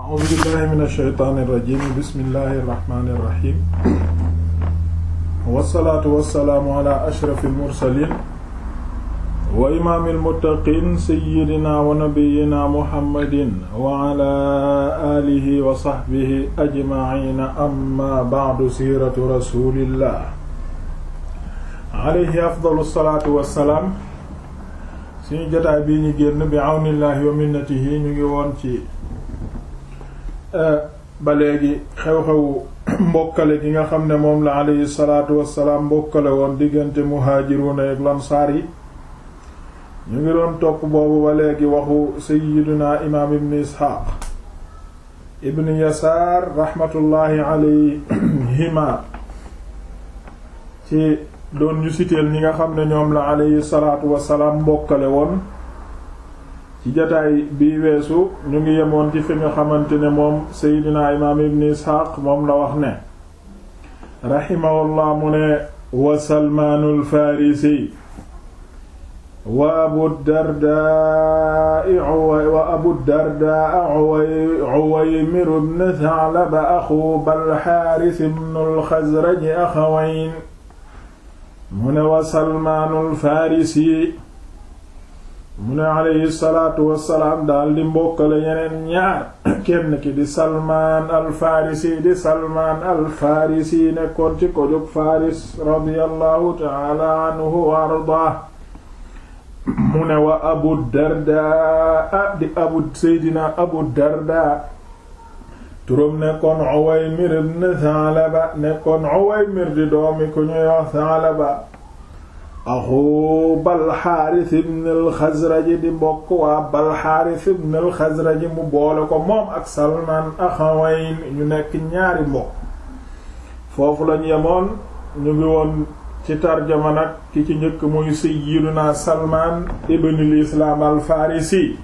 a'uuzu billahi mina shaytaani rajiim bismillahi rahmaani rahiim wassalaatu wassalaamu ala ashrafil mursaliin wa imaamil muttaqiin sayyidinaa wa nabiyyinaa muhammadin wa ala aalihi wa sahbihi ajma'iina amma ba'du siiratu rasuulillah alayhi afdalu salaatu wassalaam suñu jotaay bii ñu génn bi awnillahi wa minnatihi ñu ngi woon ci Eh, ba léegi xew-xewu mbokkale gi nga xam ne moom la aleyhi salaatu wassalaam mbokkale woon diggante muhaajiruuna ak lamsaar yi ñu ngi doon topp boobu ba léegi waxu sayiduna imaam ibn isxaaq ibn yasaar raxmatullaahi aleyhima ci doon ñu siteel ñi nga xam ne ñoom la aleyhi salaatu wassalaam mbokkale woon ci jataay bi weesu ñu ngi yemoon ci fi nga xamante ne moom seydina imaam ibn isxaaq moom la wax ne raximahullah mu ne wa salmaanu alfaarisi wa abu dardaa wa abu dardaa uwaymir ibn sa'laba axu balxaaris ibn alxasraji axawayn mu ne wa salmaanu alfaarisi mu ne aleyhi salaatu wassalaam daal di mbokkale ñeneen ñaar kenn di salmaan alfarisi di salmaan alfarisi nekkoon ci ko jóg faris radiyallahu taala anhu wa ardaa mu wa abu darda di abu seydina abu darda turam nekkoon uwaymir ibn di doomi ku ñuy wax axu balxaaris ibn alxazraji di mbokk waa balxaaris ibn alxazraji mu boole ko moom ak salman axawayn ñu nekk ñaari mbokk foofu lañ yemoon ñu ngi woon ci tarjama nag ki ci njëkk muy sayyiduna salman ibn lislaam alfarisi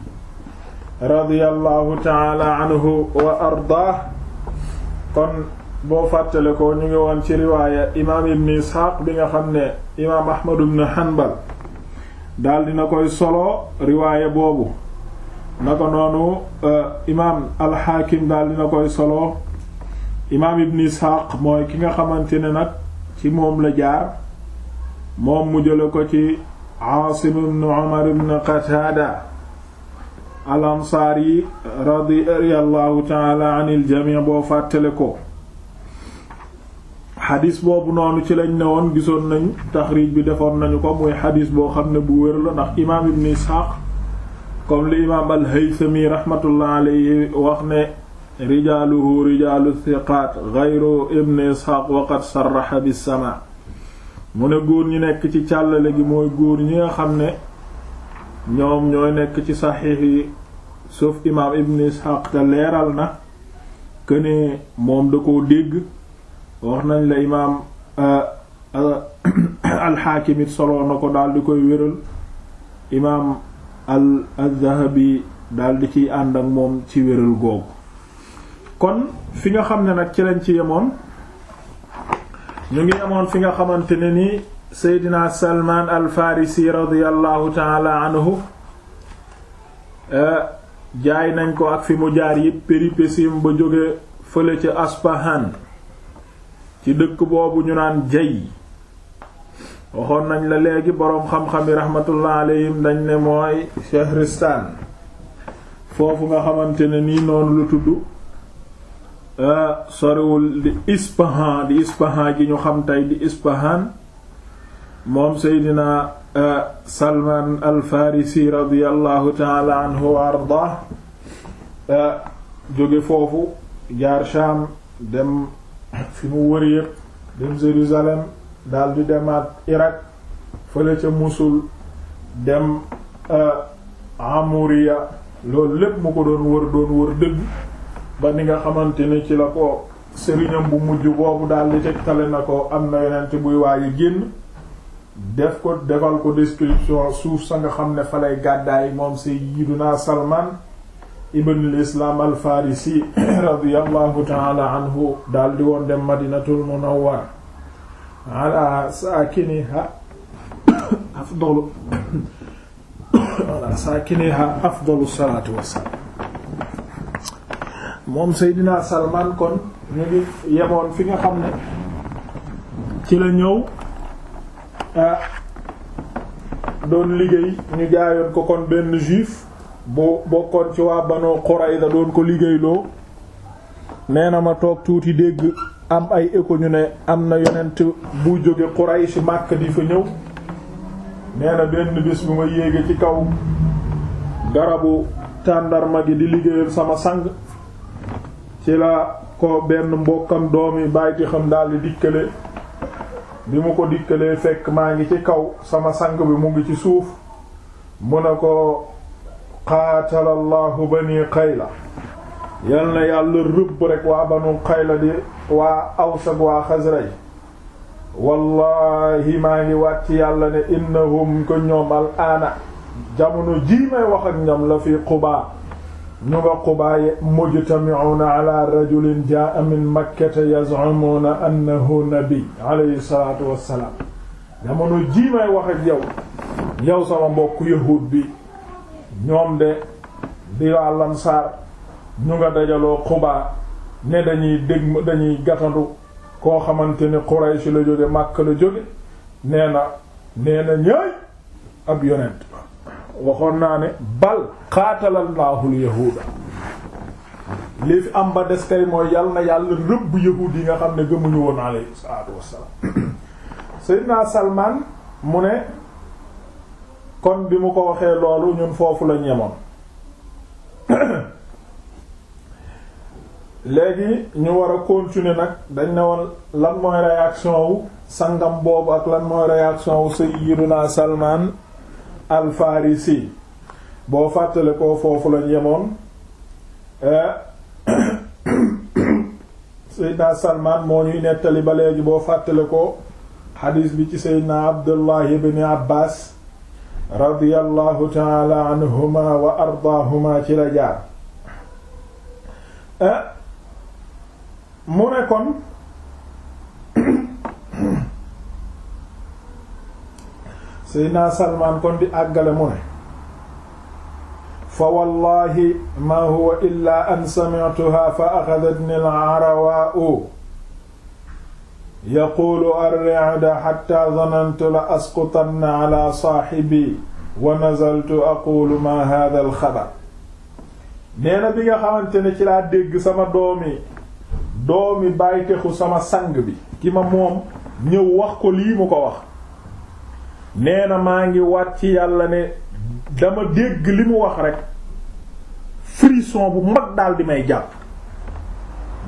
radiyallahu taala anhu wa ardaah kon boo fàttale ko ñu ngi woon ci riwaaya imaam ibn isxaaq bi nga xam ne imaam ahmad ibn hanbal daal dina koy solo riwaaya boobu ko noonu euh, imaam alxaakim daal dina koy solo imaam ibn isxaaq mooy ki nga xamante ne nag ci moom la jaar moom mu jële ko ci aasim ibn umar ibn qataada al ansaari radiyallahu taala anil jamii boo fàttale ko xadis boobu noonu ci lañ newoon gisoon nañu taxriij bi defoon nañu ko muy xadis boo xam ne bu wér la ndax imaam ibn isxaaq comme li imaam al-haythami rahmatullah alayhi wax ne rijaaluhu rijaalu thiqaat ghayru ibn isxaaq wa qad sarraha mu ne góor ñi nekk ci càllale gi mooy góor ñi nga xam ne ñoom ñooy nekk ci saxiix yi sauf imaam ibn isxaaq te leeral na këne moom da ko dégg wax nañ la imaam euh, euh, alxaakim it soloo na ko daal di koy wéral imaam al zahabi daal di ciy ànd ak moom ci wéral googu kon fi nga xam ne nag ci lañ ci yemoon ñu ngi amoon fi nga xamante ne ni seydina salmaan al farisi radiallahu taala anhu euh, jaay nañ ko ak fi mu jaar yépp péripéties ba jóge fële ca aspahan ci dëkk boobu ñu naan jey waxoon nañ la léegi boroom xam-xam yi rahmatullah dañ ne mooy Shahristan foofu nga xamante ne nii noonu lu tudd euh, sorewul di Ispahan di Ispahan gi ñu xam tey di Ispahan moom Seydina euh, Salman al-Farisi radiyallahu taala anhu wa ardaah euh, jóge foofu jaar Sham dem fi mu wër yëpp dem Jérusalem daal di demaat Irak fële ca Musul dem euh, Amuriya loolu lépp mu ko doon wër doon wër dëgg ba ni nga xamante ne ci la ko sëriñam bu mujj boobu daal di tegtale na ko am na yonent buy waaye génn def ko defal ko description suuf sa nga xam ne fa lay gàddaay moom Sayyiduna Salman ibn al-Islam al-Farisi radiyallahu ta'ala anhu daldi woon dem Madinatul Munawwara ala afdalu ala afdalu salaatu wassalaam moom Seydina Salman kon ñu ngi yemoon fi nga xam ne ci la ñëw ah, doon liggéey ñu jaayoon ko kon benn juif bu bokkoon ci waa Banu la doon ko liggéeyloo nee na ma toog tuuti dégg am ay écho ne am na yonent bu jóge Quraysh Màkk di fa ñëw nee na benn bis bu ma yéege ci kaw garabu tàndarma gi di liggéeyal sama sang ci la ko benn mbokkam doomi bàyti xam daldi dikkale bi mu ko dikkalee fekk maa ngi ci kaw sama sang bi mu ngi ci suuf mu ne ko qaatala allahu bani qayla yal na yàlla rëbb rek waa banu qayla di waa aws waa xasraj wallahi maa ngi wàcc yàlla ne innahum ko ñoom al aana jamono jii may la fi qubaa ñu nga qubaa mujtami'una ala rajulin jaa'a min makkata yaz'umuna annahu nabi alayhi salaatu wassalaam jamono jii may wax ak yow yow sama yahuud bi ñoom de di waa lansaar ñu nga dajaloo xubaa ne dañuy dégg dañuy gatandu koo xamante ni Quraysh la jóge Makka la jóge nee na nee ab yonent waxoon naa ne bal xaatalallaahu yahuuda li fi am ba des kay mooy yal na yàlla rëbb yahuud yi nga xam ne gëmuñu woon alayhi salaatu wassalaam Seydina Salman mu ne kon bi mu ko waxee loolu ñun foofu la ñemoon léegi ñu war a continuer nag dañ ne woon lan mooy réaction wu sangam boobu ak lan mooy réaction wu sayyiduna Salman al-Farisi boo fàttale ko foofu la ñemoon sayyidna Salman moo ñuy nettali ba léegi boo fàttale ko xadiis bi ci sayyidna Abdullah ibn Abbas radiyallahu taala anhuma wa ardaahuma ci la jaar eh, mu ne kon Seydina Salmaan kon di àggale mu ne fa wallahi ma huwa illa an sami'tuha fa axadatni al-arawaa'u yaquulu arri'da xatta zanantu la asqutanna ala saaxibi wa nazaltu aquulu ma hada alxabar nee bi nga xamante ne ci laa dégg sama doomi doomi bàytexu sama sang bi ki ma moom ñëw wax ko lii mu ko wax nee na maa ngi wàcc yàlla ne dama dégg li mu wax rekk frisson bu mag daal di may jàpp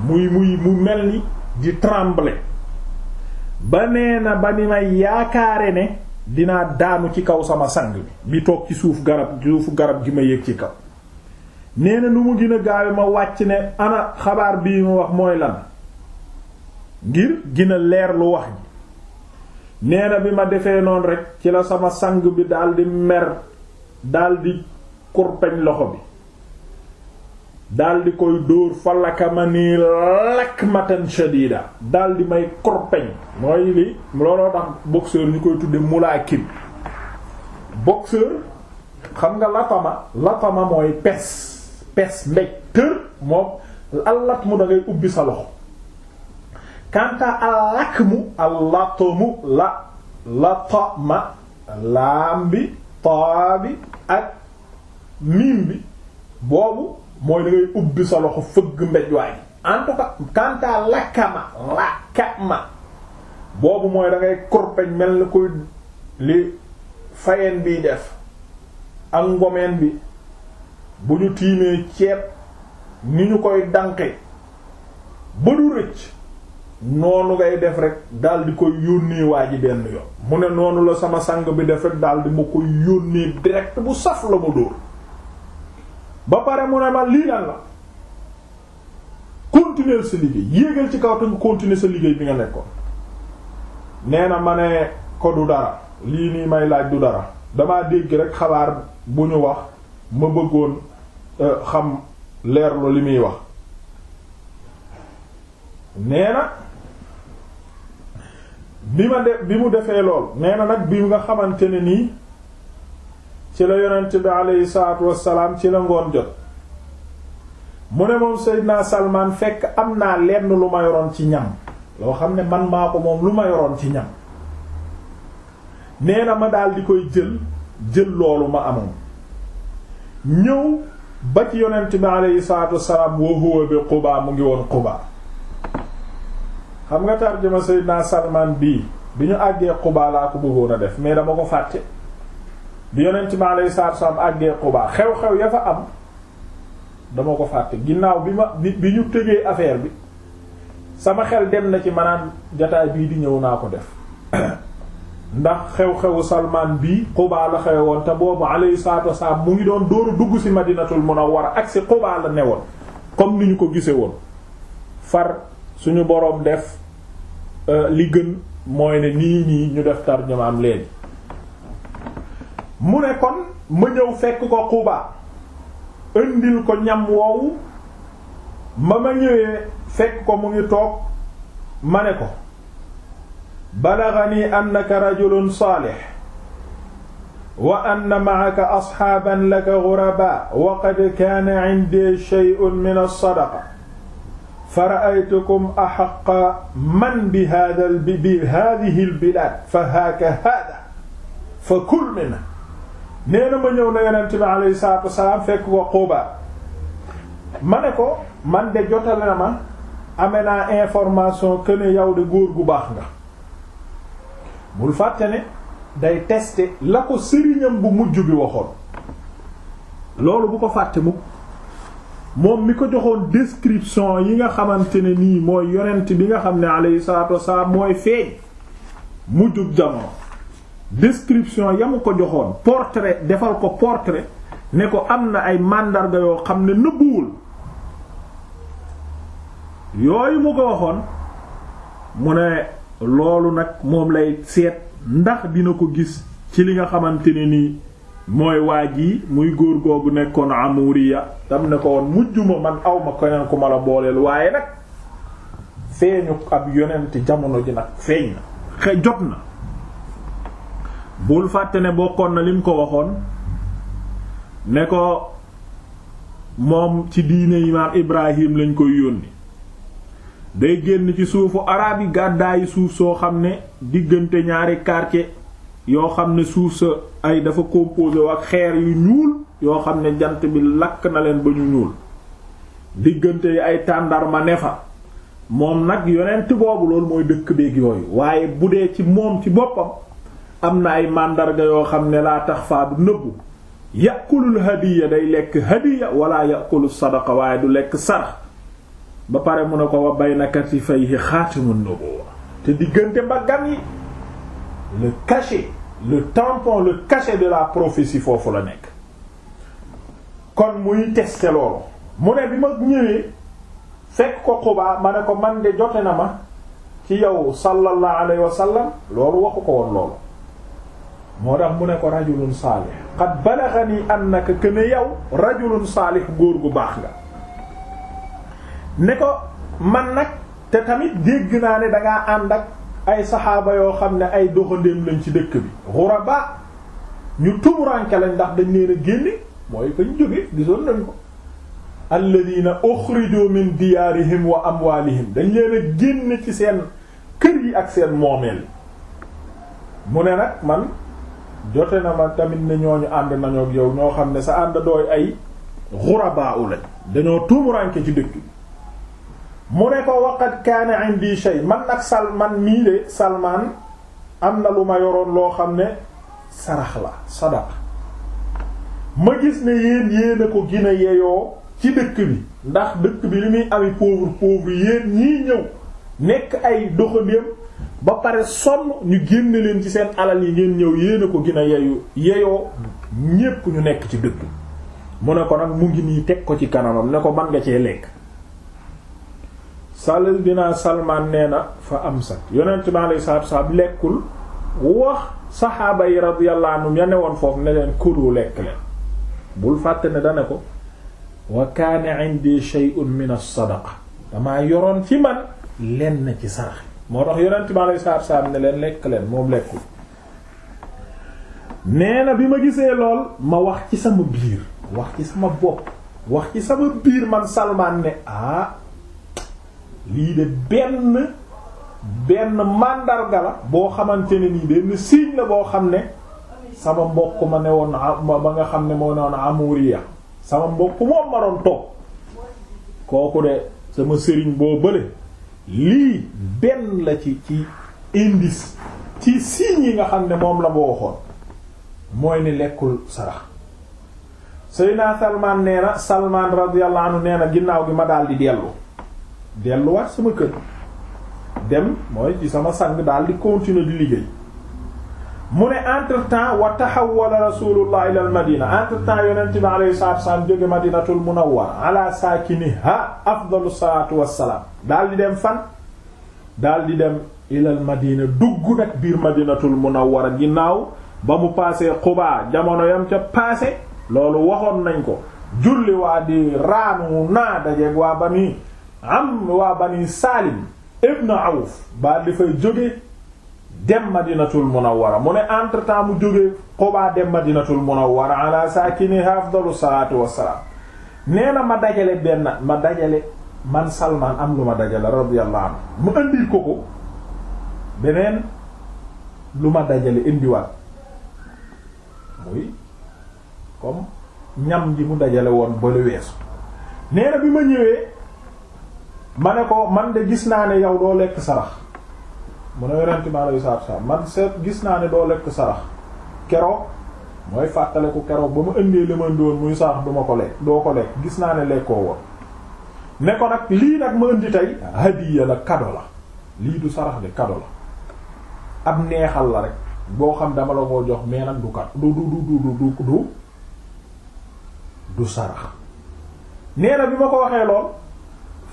muy muy mu mel ni di trembler ba nee na ba ni may yaakaare ne dinaa daanu ci kaw sama sang bi bi toog ci suuf garab suufu garab gi ma yéeg ci kaw nee na nu mu gën a ma wàcc ne ana xabaar bii mu wax mooy lan ngir gën leer lu wax ji nee na bi ma defee noonu rekk ci la sama sang bi daldi mer daldi kurpeñ loxo bi daal di koy dóor fa lakama nii lakmatan shadida daal di may korpeñ mooy li looloo tax boxeur ñu koy tudde mulaakim boxeur xam nga latama latama mooy pes pes mbéj tër moom allat mu da ubbi sa loxo kanta alak mu allatomu la latama laam bi taa bi ak miim bi boobu mooy da ngay ubbi sa loxo fëgg mbéj waay en tout cas kantaa lakkama lakkama boobu mooy da ngay korpeñ mel ni koy li fayeen biy def ak ngomeen bi bu ñu tiimee ceeb ni ñu koy dànqe ba du rëcc noonu ngay def rek daldi di koy yónnee waa ji benn yoon mu ne noonu la sama sang bi def rek daal di ma koy yónnee direct bu saf la ma dóor ba pare mu ne ma lii lan la continuer sa liggéey yéegal ci kaw te nga sa liggéey bi nga nekkoon nee na ma ne ko du dara lii nii may laaj du dara damaa dégg rek xabaar bu ñu wax ma bëggoon e, xam leerlu li muy wax nee na bi ma de bi mu defee lool nee na nag bi nga xamante ne nii ci la yonent bi aleyhi salaatu wassalaam ci la ngoon jot mu ne moom Seydina Salman fekk am naa lenn lu ma yoroon ci ñan loo xam ne man maa ko moom lu ma yoroon ci ñam nee na ma daal koy jël jël loolu ma amoon ñëw ba ci yonent bi aleyhi salaatu wassalaam wa huwa bi Quba mu ngi woon Quba xam nga tarjuma Seydina Salman bii bi ñu àggee Quba laa ko bëggoon a def mais dama ko fàtte bi yonent ci alayhi salaatu wasallam àggee Quba xew-xew ya fa am dama ko fàtte ginnaaw bi ma bi ñu tëjee affaire bi sama xel dem na ci maanaam jataay bii di ñëw naa ko def ndax xew-xewu Salmaan bii Quba la xewe woon te boobu alayhi salaatu mu ngi doon dóoru dugg ci Madinatul Munawwara ak ci Quba la ne woon comme ni ñu ko gise woon far suñu boroom def euh, li gën mooy ne nii nii ñu def tarjamaam léegi mu ne kon ma ñëw fekk ko Quba indil ko ñam woowu ma ma ñëwee fekk ko mu ngi toog ma ne ko balaghani annaka rajulun saalih wa anna ma'aka asxaaban laka ghuraba wa qad kaana 'indi shay'un min as-sadaqa fa ra'aytukum ahaqqa man bi haadha bi haadhihi al-bilaad fa haaka haadha fa kul minhu nee na ma ñëw na yonent bi alayhi salaatu wasalaam fekk ko Quba ma ne ko man de jotale na ma amee naa information que ne góor gu baax nga bul fàtte ne day teste la ko sëriñam bu mujj bi waxoon loolu bu ko fàtte mukk moom mi ko joxoon description yi nga xamante ne nii mooy yonent bi nga xam ne alayhi salaatu wasalaam mooy feeñ mujjub jamono description yamu ko joxoon portrait defal ko portrait ne ko am na ay màndarga yoo xam ne nëbbuwul yooyu mu ko waxoon mu ne loolu nag moom lay seet ndax dina ko gis ci li nga xamante ne nii mooy waa ji muy góor googu nekkoon amuriya tam ne ko woon ma man awma keneen ku ma la booleel waaye nag feeñu ab yonent jamono ji nag feeñ na jot na bul fàtte ne bokkoon na lim ko waxoon ne ko moom ci diine imaam Ibrahim lañ koy yónni day génn ci suufu araab yi gàddaayi suuf soo xam ne diggante ñaari quartier yoo xam ne suuf sa ay dafa composé ak xeer yu ñuul yoo xam ne jant bi lakk na leen ba ñu ñuul diggante yi ay tàndarma ne fa moom nag yonent boobu loolu mooy dëkk beeg yooyu waaye bu dee ci moom ci boppam am na ay màndarga yoo xam ne laa tax faa du nëbbu yàqulul hadiya day lekk hadiya wala yàqulu sadaqa waaye du lekk sarax ba pare mu ne ko wa bayna katifayhi xaatimun nubuwa te diggante mbaggan yi le cachet le tampon le cachet de la prophétie foofu la nekk kon muy tester loolu mu ne bi ma ñëwee fekk ko xubaa ma ne ko man de jote na ma ci yow sallallahu alayhi wa sallam loolu waxu ko woon lool moo tax mu ne ko rajulun saalih qad balaghani annaka kana yow rajulun saalih góor gu baax nga ne ko man nag te tamit dégg naa ne dangaa ànd ak ay saxaaba yoo xam ne ay doxandéem lañ ci dëkk bi ghuraba ñu tumuranke lañ ndax dañ leen a génne mooy fañ jóge gisoon nañ ko alladina uxrijoo min diyaarihim wa amwaalihim dañ leen a génne ci seen kër yi ak seen moomeel mu ne nag man jote na ma tamit ne ñooñu ànd nañoo ak yow ñoo xam ne sa ànd dooy ay xurabaa u lañ dañoo tuumuranke ci dëkk mu ne ko waqat kaana indi shay man nag salman mii de salman am na lu ma yoroon loo xam ne sarax la sadaq ma gis ne yéen yéen a ko gina yeyoo ci dëkk bi ndax dëkk bi li muy ami pauvre pauvre yéen ñii ñëw nekk ay doxandéem ba pare sonn ñu génn leen ci seen alal yi ngeen ñëw yéen ko gina a yeyu yeyoo ñépp ñu nekk ci dëgg mu ne ko nag mu ngi nii teg ko ci kanamam ne ko man nga cee lekk sal dinaa salmaan nee na fa am sax yonent bi alei salatuasalaam lekkul wax saxaaba yi radiyallahu anhum ya woon foofu ne leen kulu lekk leen bul fàtte ne dane ko wa kaana indi shay'un min as-sadaqa damaa yoroon ci man lenn ci sarax moo tax yonent bi alayhi salaatu salaam leen lekk leen moom lekkul nee na bi ma gisee lool ma wax ci sama biir wax ci sama bopp wax ci sama biir man Salmaan ne ah lii de benn benn màndarga la boo xamante ne nii benn signe la boo xam ne sama mbokk ma ne woon ba nga xam ne moo ne woon amuriya sama mbokk moom ma doon toog kooku de sama sëriñ boo bëre lii benn la ci ci indice ci signes yi nga xam ne moom la boo waxoon mooy ni lekkul sarax naa Salman nee na Salman radiyallahu anhu nee na ginnaaw bi ma daal di dellu delluwaat sama kër dem mooy ci sama sang daal di continuer di liggéey mu ne entre temps wa taxawala rasulullah ila al madina entre temps yonent bi alayhi salaatu wasalaam jóge madinatul munawwara ala saakiniha afdalu salaatu wassalaam daal di dem fan daal di dem ilal madina dugg nag biir madinatul munawwara ginnaaw ba mu paasee xubaa jamono yam ca paase loolu waxoon nañ ko julli waa di raanu naa dajeeg waa bani am waa bani saalim ibn awf ba di jóge dem madinatul munawwara mu ne entre temps mu jógee Quba dem madinatul munawwara ala saakini afdalu salaatu wassalaam nee na ma dajale benn ma dajale man Salman am lu ma dajale radiyallahu anhu mu indil ko ko beneen lu ma dajale indiwaat muy comme ñam ji mu dajale woon ba lu weesu nee na bi ma ñëwee ma ne ko man de gis naa ne yow doo lekk sarax mun a yonent bi alayhi salaatu salaam man seet gis naa ne doo lekk sarax keroog mooy fàttaliku keroog ba mu ëndee li ma doon muy sarax du ma ko lekk doo ko lekk gis naa ne lekkoo woon ne ko nag lii nag ma indi tey hadiya la kado la lii du sarax di kado la ab neexal la rek boo xam dama la ko jox mais nag du kat du du du du du du sarax nee na bi ma ko waxee lool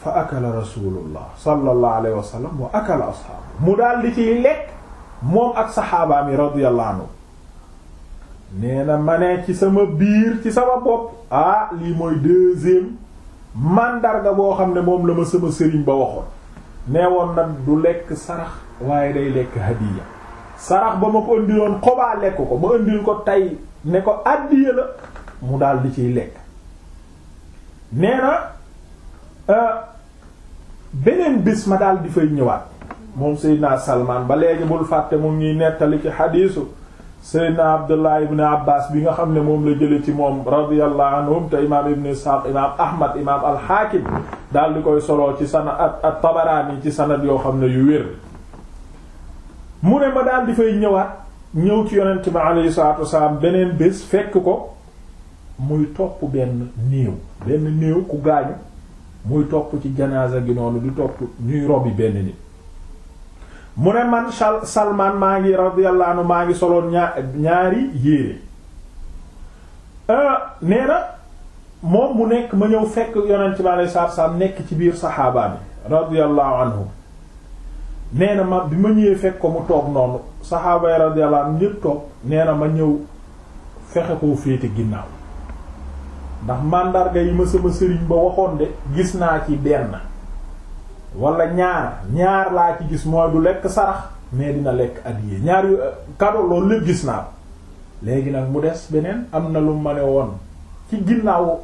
fa akala rasulullah sallallahu alayhi wa sallam wa akala asxaabu mu daal di ciy lekk moom ak saxaabaam yi radiyallahu nee na ma ci sama biir ci sama bopp ah lii mooy deuxième mandarga boo xam ne moom la ma sama sëriñ ba waxoon nee woon nag du lekk sarax waaye day lekk hadiya sarax ba ma ko indiloon xobaa lekk ko ma indil ko tey ne ko àddiya la mu daal di ciy lekk nee na euh, beneen bis ma daal di fay ñëwaat moom Seydina salmaan ba léegi bul fàtte mu ngi nettali ci xadiisu Seydina Abdullah ibn Abbas bi nga xam ne moom la jële ci moom radiyallahu anhum te imaam Ibn Ishaq imaam Ahmad imaam al-Hakim daal di koy soloo ci sanad ak Tabarani ci sanad yoo xam ne yu wér mu ne ma daal di fay ñëwaat ñëw ci yonent bi alayhi salaatu wasalaam beneen bés fekk ko muy topp benn néew benn néew ku gaañu muy topp ci janaasa gi noonu di topp ñuy robi benn nit mu ne man salman maa ngi radiyallahu anhu maa ngi soloon ñaar ñaari yére euh, nee moom mu nekk ma ñëw fekk yonent bi alei satu salaam nekk ci biir saxaabaa bi radiyallahu anhu nee ma bi ma ñëwee fekk ko mu toog noonu saxaaba yi radiyallahu ñépp toog nee na ma ñëw fexe koo féete ginnaaw ndax màndarga yi ma sama sëriñ ba waxoon de gis naa ci benn wala ñaar ñaar laa ci gis mooy du lekk sarax mais dina lekk addiya ñaar yu kado loolu lépp gis naa ko léegi nag mu des beneen am na lu ma ne woon ci ginnaaw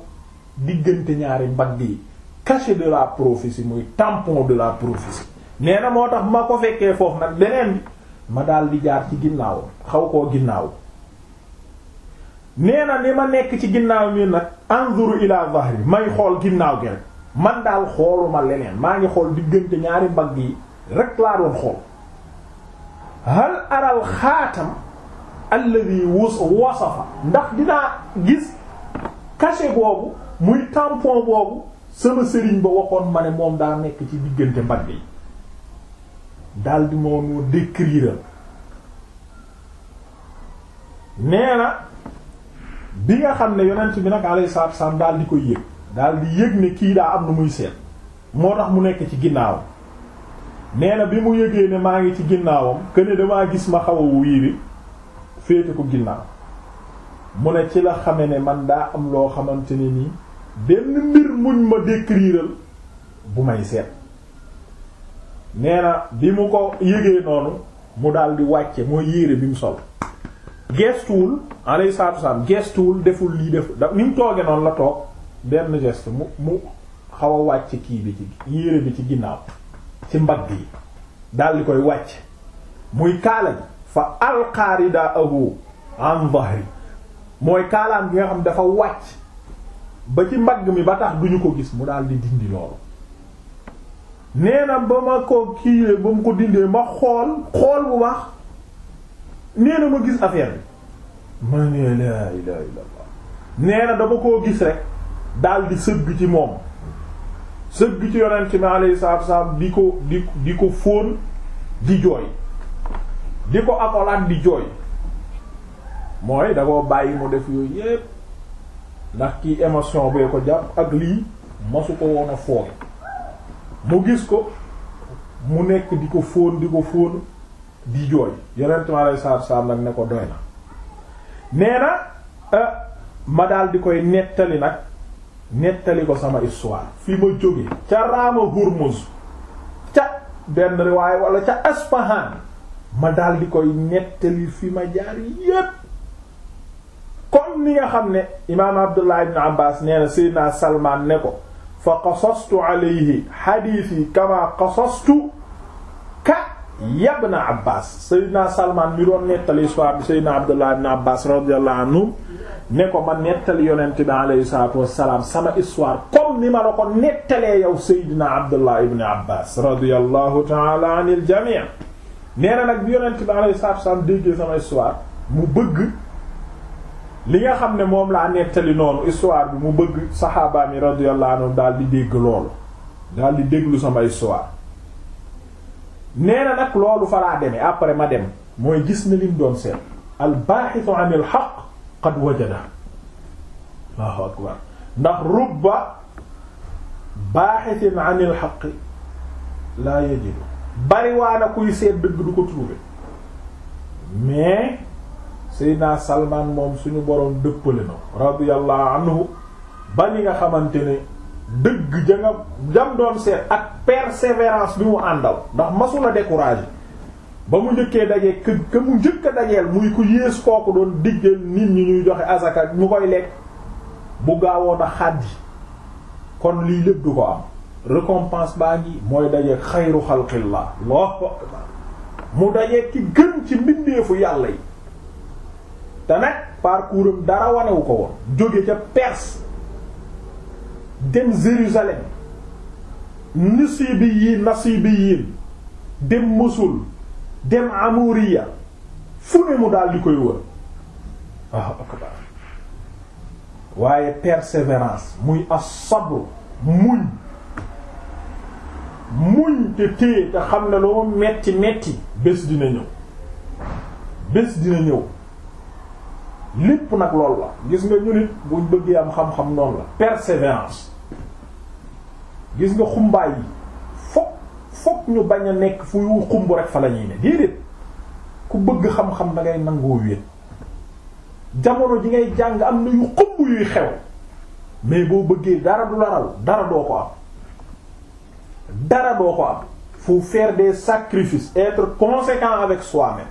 diggante ñaari mbagg di cachet de la prophétie muy tampon de la prophétie nee na moo tax ma ko fekkee foofu nag beneen bi ma dal di jaar ci ginnaaw xaw koo ginnaaw nee na li ma nekk ci ginnaaw mi nag anzuru ila zahri may xool ginnaaw gi man daal xooluma leneen maa ngi xool diggante ñaari mbagg yi rek laa doon xool hal aral xaatam alladhi wasafa ndax dinaa gis cachet boobu muy tampon boobu sama sëriñ ba waxoon ma ne moom daa nekk ci diggante mbagg yi daldi moo noo décrire nee bi nga xam ne yonent bi nag alayhi salaatu wasalaam daal di koy yëg daal di yëg ne kii daa am lu muy seet moo tax mu nekk ci ginnaaw nee bi mu yëgee ne maa ngi ci ginnaawam que damaa gis ma xaw a wiiri féete ko ginnaaw ci la xame ne man daa am loo xamante ni nii benn mbir muñ ma décriiral bu may seet nee na bi mu ko yëgee noonu mu daldi di wàcce mooy yére bi mu sol gestuwul alayhi salaatu wasalaam gestuwul deful lii def da ni mu tooge noonu la toog benn geste mu mu xaw a wàcc kii bi ci yére bi ci ginnaaw ci mbagg yi daal di koy wàcc muy kaala ji fa alqa mooy kaalaan bi nga xam dafa wàcc ba ci mbagg mi ba tax duñu ko gis mu daal di dindi loolu nee ba ma ko kiiwee ba mu ko dindee ma xool xool bu baax nee na ma gis affaire ma ne laa ilaaha illallaah nee na dama ko gis rek daal di sëgg ci moom sëgg ci yonent mi alayhi salaatu wassalaam di ko di ko fóon di jooy di ko akolaat di jooy mooy da koo bàyyi mu def yooyu yépp ndax kii émotion bee ko jàpp ak lii masu ko woon a mu gis ko mu nekk di ko fóon di ko fóon di jooy yonent mi aleyhi salaatu nag ne ko doy na nee na eh, ma daal di koy nettali nag nettali ko sama histoire fi ma jóge ca raama Hurmuz ca benn riwaay wala ca Aspahan ma daal di koy nettali fi ma jaar yépp comme ni nga xam ne imaam Abdullah ibn Abbas nee na Seydina Salman ne ko fa qasastu alayhi hadiisi kama qasastu ka yabna abbas sayyidina salman mi doon nettali histoire bi sayyidina abdullah ibn abbas radiyallahu anhu ne ko ma nettali yonent bi alayhi salatu wassalam sama histoire comme ni ma la ko nettalee yow sayyidina abdullah ibn abbas radiyallahu ta'ala anil jami' nee na nag bi yonent bi alayhi salatu déggee sama histoire mu bëgg li nga xam ne moom laa nettali noonu histoire bi mu bëgg saxaaba mi anhu daal di dégg loolu daal di déglu sama histoire nee na nag loolu falaa demee après ma dem mooy gis ni lim doon seet al baaxitu an il xaq qad wajada Allahu akbar ndax rubba baaxitin an il xaq laa yajidu bariwaana kuy seet dëgg du ko trouver mais Seydina Salman moom suñu boroom dëppale na radiyallahu anhu ba ni nga xamante ne dëgg ja nga jam doon seet ak persévérance bi mu àndal ndax masula découragé ba mu njëkkee dajee kë ke mu njëkk a dajeel muy ku yées kooku doon diggal nit ñi ñuy joxe azaka ñu koy lekk bu gaawoo a xàddi kon lii lépp du ko am récompense baa ngi mooy dajee xayru xalqillah allahu akbar mu dajee ki gën ci mbindeefu yàlla yi te nag parcours am dara wanewu ko woon jóge ca Perse dem Jérusalem nasibiyin nasibiyin dem Mosul dem Amuriya fu ne mu daal koy wër waaw akbar waaye persévérance muy as-sabr muñ muñ te téye te xam ne loo metti metti bés dina ñëw bés dina ñëw lépp nag lool la gis nga ñu nit buñ bëggee am xam-xam noonu la persévérance gis nga xumbaay yi fokk fokk ñu bañ a nekk fu yu xumb rek fa la ñuy ne déedéet ku bëgg xam-xam da ngay nangoo wéet jamono ji ngay jàng am na yu xumb yuy xew mais boo bëggee dara du la raw dara doo ko am dara doo ko am faut faire des sacrifices être conséquent avec soi-même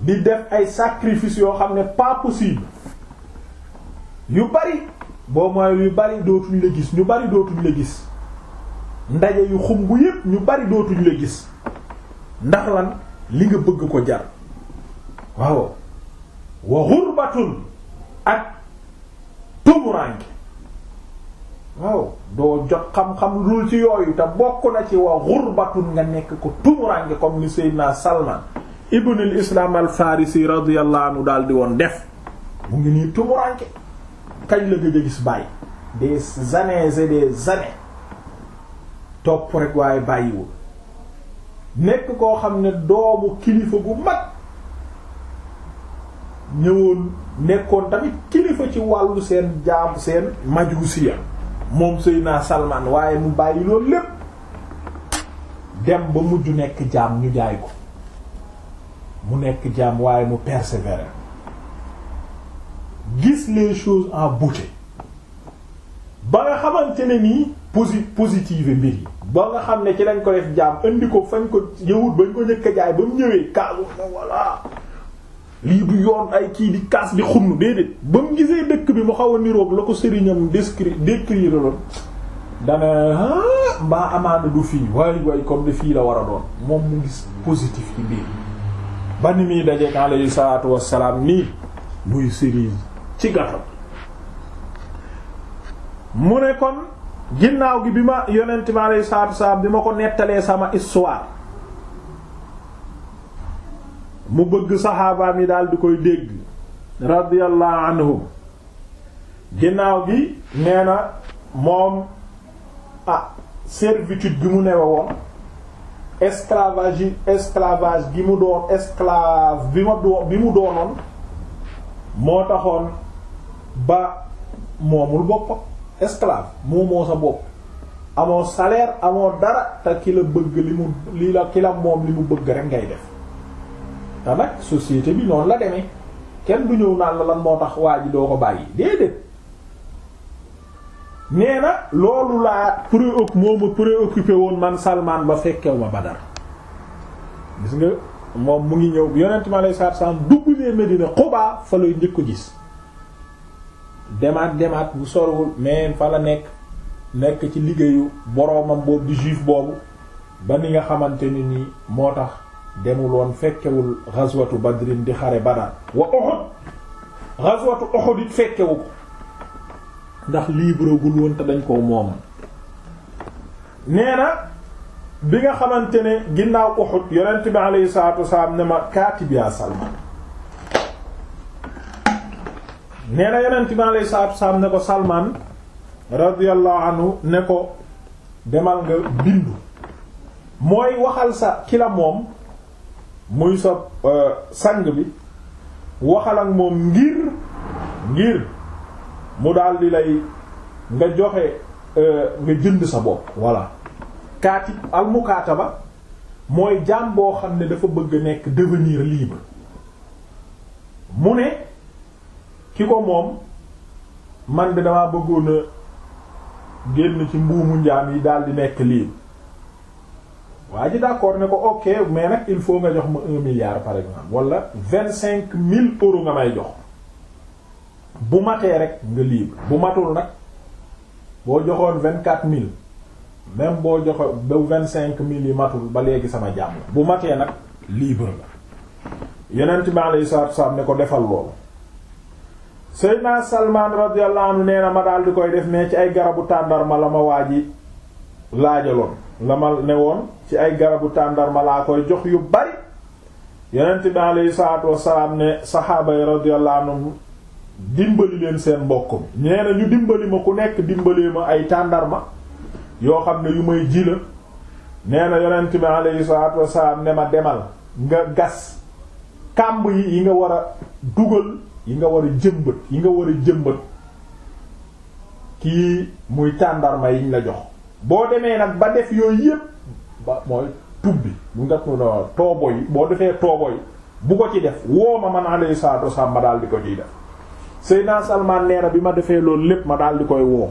di def ay sacrifices yoo xam ne pas possible yu bari boo mooy yu bari dootuñ la gis ñu bari dootuñ la gis ndaje yu xumb yépp ñu bari dootuñ la gis ndax lan li nga bëgg ko jar waaw wa xurbatun ak tumuranke waaw doo jot xam-xam lul ci yooyu te bokk na ci wa xurbatun nga nekk ko tumuranke comme ni Seydina Salman ibnul Islam al Farisi radiyallahu anhu daal di woon def mu ngi nii tumuranke kañ la gëj a gis bàyyi des années et des topp rek waaye bàyyiwul nekk koo xam ne doomu kilifa gu mag ñëwoon nekkoon tamit kilifa ci wàllu seen jaam seen majusiya moom Seydina Salman waaye mu bàyyi loolu lépp dem ba mujj nekk jaam ñu jaay ko mu nekk jaam waaye mu persévérer gis les choses en beauté ba nga xamante ne nii posi positive mbir yi ba nga xam ne ci lañ ko def jaam indi ko fañ ko yëwut bañ ko njëkk a jaay ba mu ñëwee kaasu na voilà lii du yoon ay kii di kaas di xunn déedéet ba mu gisee dëkk bi mu xaw a niroog la ko sëriñam décri décrire loon dana ah, mbaa amaana du fii waay waay comme de fii la war a doon moom mu gis positif ci biir ba ni muy dajeek alayhi salaatu wassalaam nii muy sëriñ ci gàttal mu ne kon ginnaaw gi bi ma yonent bi alayhi salaatu bi ma ko nettalee sama histoire mu bëgg saxaabaam yi daal di koy dégg radiyallahu anhum ginnaaw gi nee na moom ah servitude bi mu newe woon esclavage esclavage gi mu doon esclave bi ma doonoon moo taxoon ba moomul boppam esclave moomoo sa bopp amoo salaire amoo dara te ki bëgg li mu li la ki moom li mu bëgg rek ngay def te nag société bi noonu la demee kenn du ñëw naan la lan moo tax waa ji doo ko bàyyi déedéet nee na loolu laa préoc moo ma préoccupé woon man Salman ba fekkew ma Badar gis nga moom mu ngi ñëw yonent mi alayhi salaatu salaam dugg Medina Quba fa lay njëkk ko gis demaat demaat bu sorowul mais fa la nekk nekk ci liggéeyu boroomam boobu juif boobu ba ni nga xamante ni nii moo tax demul woon fekkewul ghazwatu badrin di xare badar wa Uhud ghazwatu Uhud it fekkewu ko ndax libre gul woon te dañ koo moom nee na bi nga xamante ne ginnaaw Uhud yonent bi alayhi salaatu wasalaam ne ma kaati bi yaa Salman nee na yonent bi alayhi salaatu wasalaam ne ko salmaan radiyallahu anhu ne ko demal nga bindu mooy waxal sa kila moom muy sa euh, sang bi waxal ak moom ngir ngir mu daal di lay nga joxe euh, nga jënd sa bopp voilà kaatib al mukaataba mooy jaam boo xam ne dafa bëgg a nekk devenir libre mu ne ki ko moom man bi damaa bëggoon a génn ci mbuumu njaam yi daal di nekk libre waa ji d'accord ne ko ok mais nag il faut nga jox ma un milliard par exemple wala vingt cinq mille euros nga may jox bu matee rek nga bu matul nag boo joxoon vingt quatre mille même boo joxoon ba vingt cinq mille yi matul ba léegi sama jàmm bu matee nag libre la yeneen ci maa ngi lay ne ko defal loolu. Seydina Salman radiyallahu anhu nee ma daal di koy def mais ci ay garabu tàndarma la ma waa ji laajaloon la ma ne woon ci ay garabu tàndarma laa koy jox yu bari yonent bi aleyhi salaatu wasalaam ne saxaaba yi radiyallahu dimbali leen seen mbokk mi nee na ñu dimbali ma ku nekk dimbalee ma ay tàndarma yoo xam ne yu may ji la nee na yonent bi aleyhi salaatu wasalaam ne ma demal nga gas kàmb yi yi nga war a dugal yi nga war a jëmbat yi nga war a jëmbat kii muy tàndarma yiñ la jox boo demee nag ba def yooyu yépp ba mooy tubbi mu ngat no toobo yi boo defee toobo yi bu ko ci def woo ma man alayhi salatu wasallam ma daal di ko ciy def Seydina Salman nee na bi ma defee loolu lépp ma daal di koy woo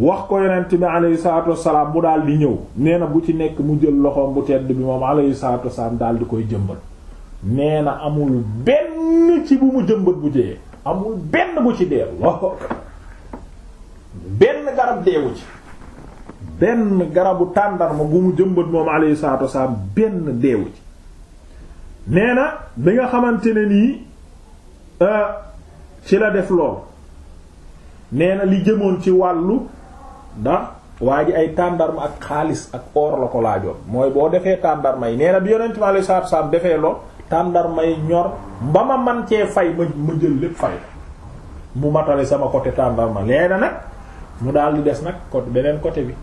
wax ko yonent bi alayhi salatu wasalam mu daal di ñëw nee na bu ci nekk mu jël loxoom bu tedd bi moom alayhi salatu wasalam daal di koy jëmbal nee na amul benn ci bu mu jëmbat bu dee amul benn bu ci dee Allahu akbar benn garab deewu ci benn garabu tàndarma bu mu jëmbët moom alayhi salaatu wasalaam benn deewu ci nee na bi nga xamante ne nii euh, ci la def lool nee na li jëmoon ci wàllu ndax waa ji ay tàndarma ak xaalis ak or la ko laajoon mooy boo defee tàndarma yi nee na bi yonent mi alayhi salaatu wasalaam defee lool tàndar may ñor ba ma man cee fay ma ma jël lépp fay mu matale sama côté tàndar ma na nag mu daal di des nag côté beneen côté bi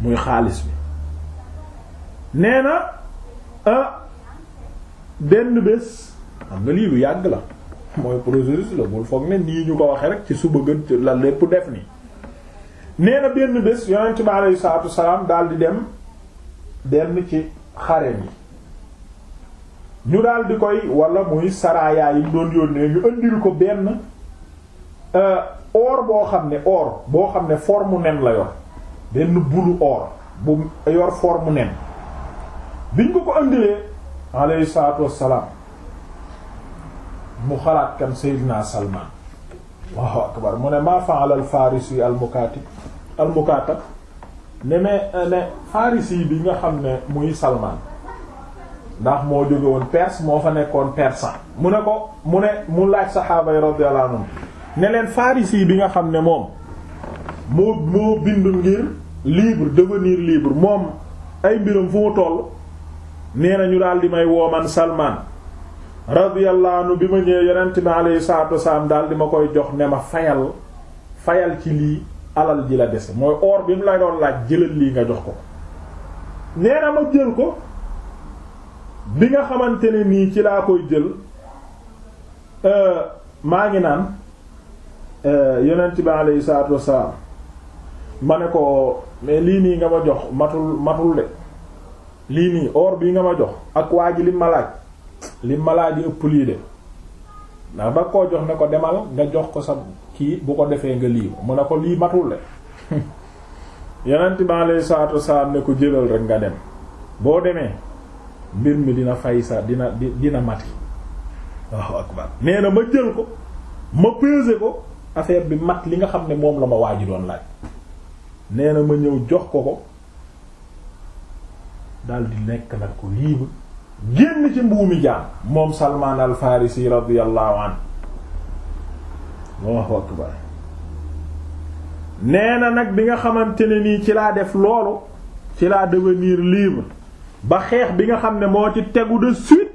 muy xaalis bi nee na ah benn bés am nga lii lu yàgg la mooy processus la bul foog ne nii ñu ko waxee rek ci suba gën la lépp def nii nee na benn bés yonent bi aleyhi salaam daal di dem benn ci xare yi ñu daal di koy walla muy saraayaa yi doon yónnee ñu indil ko benn euh, or boo xam ne or boo xam ne forme nen la yor benn bulu or bu yor forme nen biñ ko ko indilee alayhi salaatu wassalaam mu xalaat kan Seydina Salman waaw akbar mu ne maa fa'ala al farisi al mukatib al ne mais ne bi nga xam ne muy Salman ndax moo jóge woon Perse moo fa nekkoon persan mu ne ko mu ne mu laaj saxaaba yi radiyallahu anhum ne leen farisi bi nga xam ne moom moo moo bindu ngir libre devenir libre moom ay mbiram fu mu toll nee na ñu daal di may wooman salmaan radiyallahu anhu bi ma ñëwee yonent bi alayhi salaatu wasalaam daal di ma koy jox ne ma fayal fayal ci lii alal ji la dese mooy or bi mu lay doon laaj jëlal lii nga jox ko nee na ma jël ko. bi nga xamante ne nii ci laa koy jël euh, maa ngi naan euh, yonent bi alayhi saato wassalaam ma ne ko mais lii nii nga ma jox matul matul de lii nii or bii nga ma jox ak waa ji lim ma laaj lim ma laaj ëpp lii de ndax da koo jox ne ko demal nga jox ko sa kii bu ko defee nga lii mu ne ko lii matul de yonent bi alayhi salaatu wassalaam ne ko jëlal rek nga dem boo demee mbir mi dina fay sa dina dina mati waaw akbar nee na ma jël ko ma peser ko affaire bi mat li nga xam ne moom la ma waaju doon laaj nee na ma ñëw jox ko ko dal nekk nag ko libre génn ci mbuumi jaam moom Salman al Farisi radiyallahu an Allahu akbar nee na nag bi nga xamante ne nii ci laa def loolu ci laa devenir libre ba xeex bi nga xam ne moo ci tegu de suite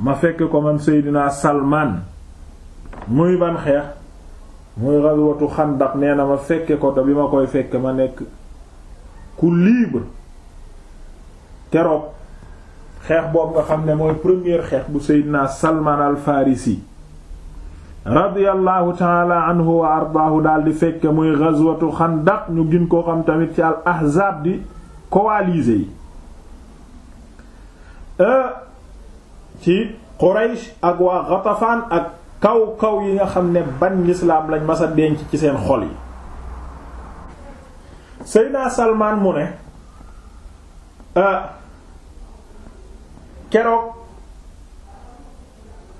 ma fekke ko man seydinaa salmaan muy ban xeex muy ghazwatu xandaq nee na ma fekke ko te bi ma koy fekk ma nekk ku libre keroog xeex boobu nga xam ne mooy premier xeex bu Seydina Salman al Farisi radiyallahu taala anhu wa ardaahu daal di fekke muy ghazwatu xandaq ñu gin koo xam tamit ci al ahzaab di coalisés yi ci Quraysh ak waa Ghatafan ak kaw kaw yi nga xam ne ban lislaam lañ masa denc ci seen xol yi Seydina Salmaan mu ne ah, keroog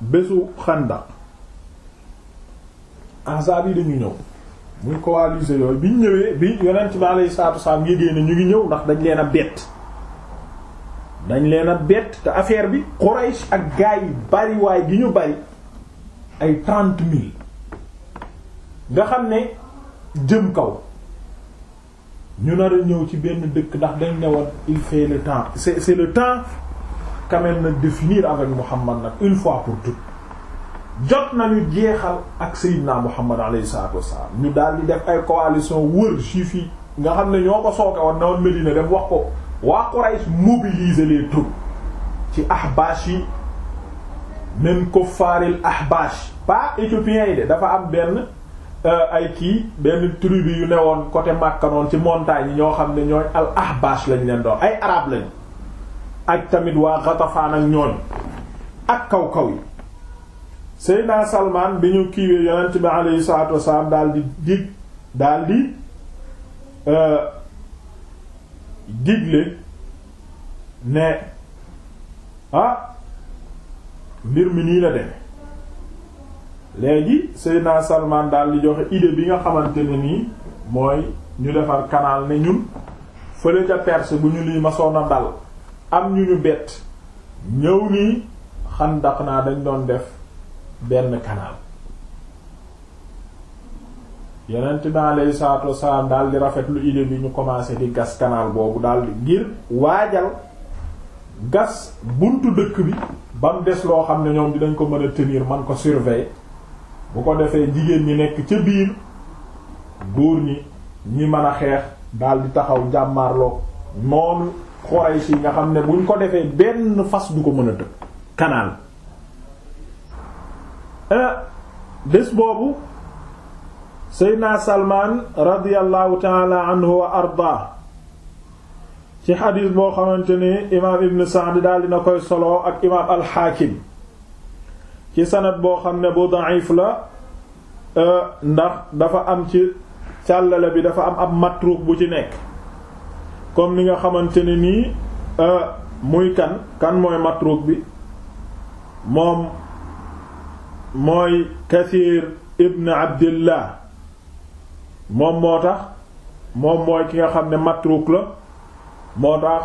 bésu xanda ahzaab yi dañu ñëw muy coalisé yooyu biñ ñëwee bi yonent bi alayhi salaatu wasalaam yégée ne ñu ngi ñëw ndax dañ leen a bett dañ leen a bett te affaire bi Quraysh ak gaa yi bari gi ñu bari ay trente mille nga xam ne jëm kaw ñu nar a ñëw ci benn dëkk ndax dañ ne woon il fait le temps c'est c'est le temps quand même na définir avec Muhammad nag une fois pour toutes jot nañu jeexal ak Seydina Muhammad alayhi salaatu wassalaam ñu daal di def ay coalition wër juif nga xam ne ñoo ko sooke woon na woon Medina dem wax ko waa Quraysh mobiliser les troupes ci ahbash yi min kuffaaril ahbash pas éthiopiens yi de dafa am benn euh, ay kii benn tribu yu newoon côté Makka noonu ci montagne yi ñoo xam ne ñooy al ahbash lañ leen doon ay arab lañ ak tamit waa Ghatafaan ak ñooñ ak kaw kaw yi Seydina Salman bi ñu kiiwee yonent bi alayhi salaatu wasalaam daal di di daal di euh, digle ne ah mbir mi nii la deme léegi Seydina Salman daal di joxe idée bi nga xamante ne nii mooy ñu defar canal ne ñun fële ca Perse bu ñu lii masoon a dal am ñu ñu bett ñëw nii xandaq naa dañ doon def benn canal yonent bi alayhi salaatu wasalaam daal di rafetlu idée bi ñu commencé di gas canal boobu daal di ngir waajal gas buntu dëkk bi ba mu des loo xam ne ñoom dinañ ko mën a tenir man ko surveiller bu ko defee jigéen ñi nekk ca biir góor ñi ñi mën a xeex daal di taxaw jàmmaarloo moom Quraysh yi nga xam ne buñ ko defee benn fas du ko mën a tëb canal des euh, boobu seydna salmaan radiallahu taala anhu wa ardaa ci xadiis boo xamante ni imaam ibn saadi daal dina koy solo ak imaam alxaakim ci sanad boo xam ne bu daif la euh, ndax dafa am ci càllale bi dafa am ab matruuk bu ci nekk kom ni nga xamante ne nii euh, muy kan kan mooy matruuk bi moom mooy kasiir ibn abdillah moom moo tax moom mooy ki nga xam ne matruk la moo tax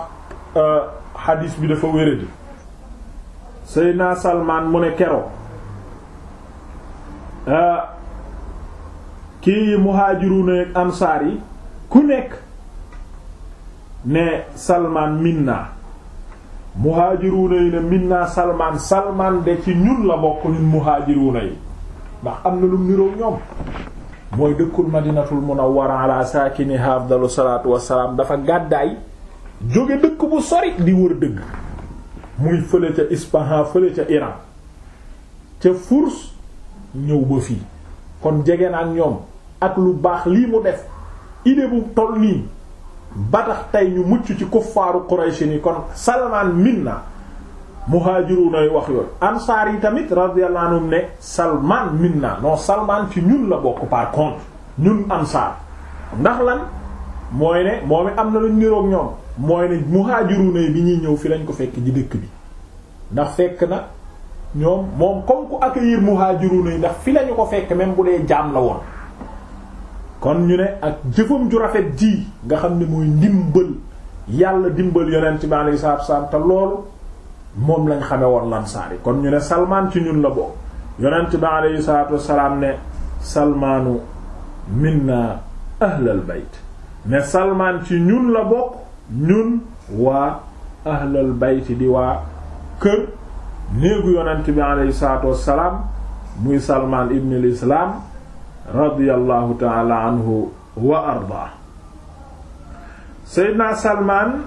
euh, xadiis bi dafa wéradi naa Salmaan mu ne keroo euh, kii muhaajiruuna ak ansaar yi ku nekk ne Salmaan minna muhaajiruuna yi ne minna Salmaan Salmaan de ci ñun la bokk ñun muhaajiruuna yi ndax am na lu mu niroog ñoom mooy dëkkul madinatul munawwara ala saakini afdalu salaatu wassalaam dafa gàddaay jóge dëkk bu sori di wër dëgg muy fële ca Ispahan fële ca Iran ca Furs ñëw ba fii kon jege na ak ñoom ak lu baax lii mu def idée bu toll nii ba tax tey ñu mucc ci kuffaaru Quraysh ni kon Salman na muhaajiruuna yu wax yooyu ansaar yi tamit radiyallahu anhum ne salman minna non salman ci ñun la bokk par contre ñun ansaar ndax lan mooy ne moom it am na lu niroog ñoom mooy ne muhaajiruuna yi bi ñuy ñëw fi lañ ko fekk di dëkk bi ndax fekk na ñoom moom comme ku accueillir muhaajiruuna yi ndax fi lañu ko fekk même bu dee jaam la woon kon ñu ne ak jëfam ju rafet ji nga xam ne mooy ndimbal yàlla dimbal yonent bi alayhi salaatu wa salaam te loolu moom lañ xame woon lansaar kon ñu ne salmaan ci ñun la bokk yonent bi aleyhi salaatu wassalaam ne salmaanu minna ahlal bayt ne salmaan ci ñun la bokk ñun waa ahlal bayt di waa kër néegu yonent bi aleyhi salaatu muy salmaan ibnul islaam radiyallahu taala anhu wa ardaa seydna salmaan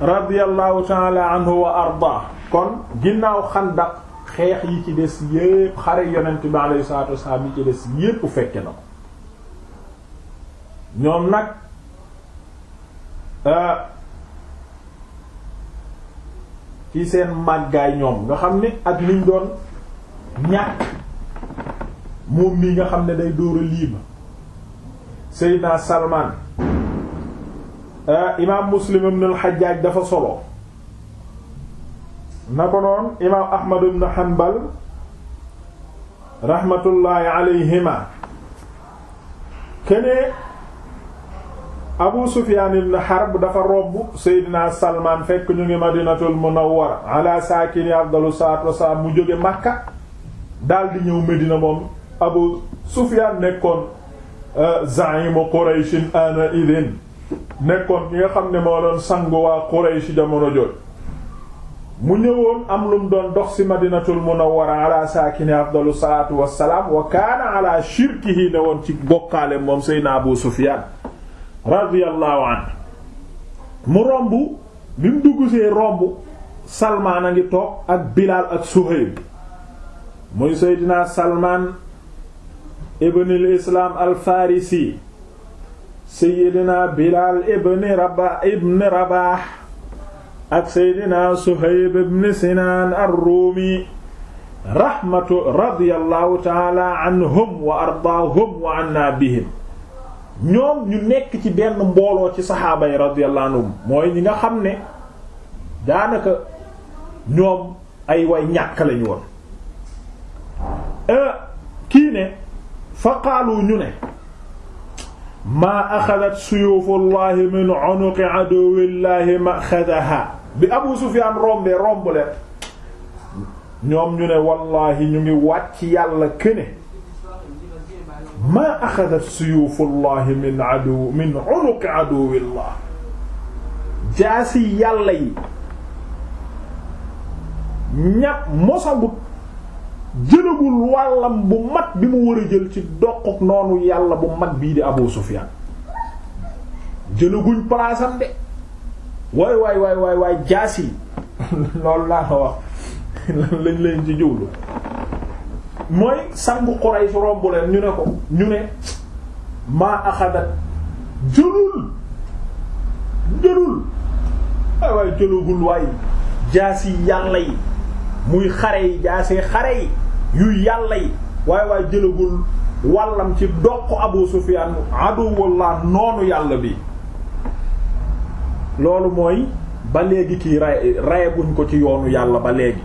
radiyallahu taala anhu wa arda kon ginnaaw xandak xeex yi ci des yépp xare yonent bi alayhi salaatu wasalaam yi ci des yépp fekke na ko ñoom nag euh, ci seen màggaay ñoom nga xam ni ak liñ doon ñàkk moom mii nga xam ne day dóora liima Seydina Salman Eh, imaam muslim ibn al-Hajjaj dafa solo na ko noonu imaam ahmad ibn Hanbal rahmatullahi alayhima kene abu sufyan ibn harb dafa robb seydina salman fekk ñu ngi madinatul munawwara ala saakini afdalu salaatu wasalaam mu jóge makka daldi ñëw medina moom abu sufyan nekkoon eh, zaimu qurayshin ana idin nekkoon ki nga xam ne moo doon sangu waa Quraysh jamono jot mu ñëwoon am lum doon dox ci madinatul munawwara ala saakini afdalu salaatu wassalaam wa kaana ala shirkihi ne woon ci bokkaale moom Seydina Abu Sufyaan radiyallahu anhu mu romb bi mu dugg see romb Salmaan a ngi toog ak Bilaal ak Suhayl muy Seydina Salmaan ibnul Islaam al seydina bilaal ibn rabah ibn rabah ak seydina suhayb ibn sinaan ar-ruumi rahmatu radiyallahu taala anhum wa ardaahum wa anna bihim ñoom ñu nekk ci benn mbooloo ci saxaaba yi radiyallahu anhum mooy ñi nga xam ne daanaka ñoom ay way ñàkk lañu woon eh, kii ne fa qaalu ñu ne maa axadat suyuufullahi min unuqi aduwwillahi maxadaha bi Abu Sufyaan rombee rombule ñoom ñu ne wallahi ñu ngi wàcc ci yàlla këne maa axadat suyuufullahi min aduw min unuqi aduwwillah jaasi yàlla yi ñab mosagut jëlagul wàllam bu mag bi mu war a jël ci doquk noonu yàlla bu mat bii di Abu Sufyan jëlaguñ palaasam de waay waay waay waay waay jaas yi loolu laa wax lan lañ leen ci jëwlu mooy sangu Quraysh romb leen ñu ne ko ñu ne maa axadat jëlul jëlul waay waay jëlagul waay jaas yi yàlla yi muy xare yi jaasee xare yi yu yàlla yi waaye waaye jëlagul wàllam ci doq Abu Sufyan aduwallah noonu yàlla bi loolu mooy ba léegi kii rayaguñ ko ci yoonu yàlla ba léegi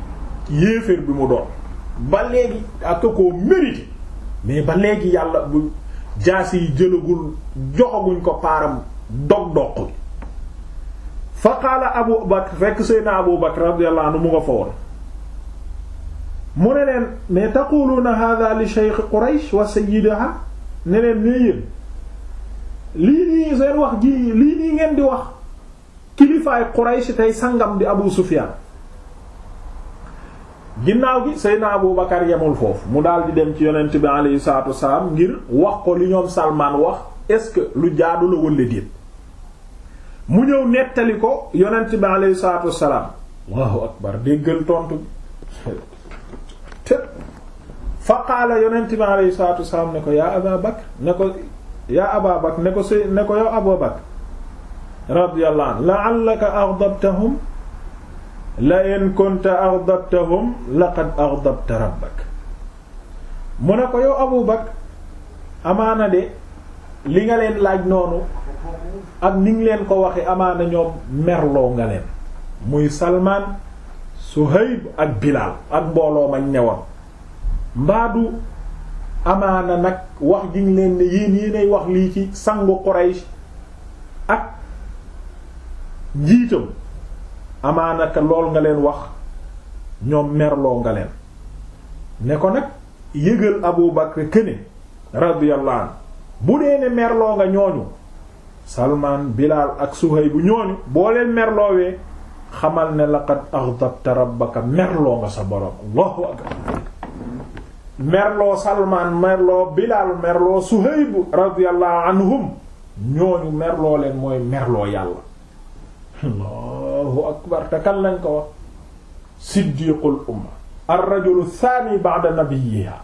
yéeféer bi mu doon ba léegi ak koo mérité mais ba léegi yàlla bu jaas yi jëlagul joxaguñ ko paaram dog doq fa qaala Abu Bakr fekk Seydina Abu Bakr radiyallahu anhu mu nga fa woon mu ne leen mais taquluuna hada li cheikh quraysh wa sayyidaha ne leen ne yéen lii nii seen wax ji lii nii ngeen di wax kilifaay quraysh tey sangam di abu sufyan ginnaaw gi Seydina Abu Bakar yemul foofu mu daldi dem ci yonent bi alayhi salaatu wasalaam ngir wax ko li ñoom Salman wax est-ce que lu jaadu la walla déet mu ñëw nettali ko yonent bi alayhi salaatu wasalaam Allahu akbar déggal tontu të fa qaala yonent bi alayhi salaatu wasalaam ne ko yaa Abaa Bakr ne ko yaa Abaa ne ko si ne ko yow Abaa Bakr radiyallahu anhu la'allaka aghdabtahum la in kunta aghdabtahum laqad aghdabta rabbak mu ne ko yow Abuu amaana de li nga leen laaj noonu ak ni nga leen ko waxe amaana ñoo merloo nga leen muy Salmaan Suhayb ak Bilaal ak mbooloo mañ ñëwoon mbaadu amaana nag wax jiñ leen ne yéen yéenay wax lii ci sangu Quraysh ak njiitam amaana ka lool nga leen wax ñoom merloo nga leen ne ko nag yëgal Abu Bakr këne radiyallahu bu dee ne merloo nga ñooñu Salmaan Bilaal ak Suhayb bu ñooñu boo leen merloowee xamal ne laqad aghdabta rabbaka merloo nga sa borom allahu akbar merloo salmaan merloo bilaal merloo suhayb radiyallahu anhum ñooñu merloo leen mooy merloo yàlla allahu akbar te kan lañ ko wax siddiqul umma ar-rajulu thani ba'da nabiyyiha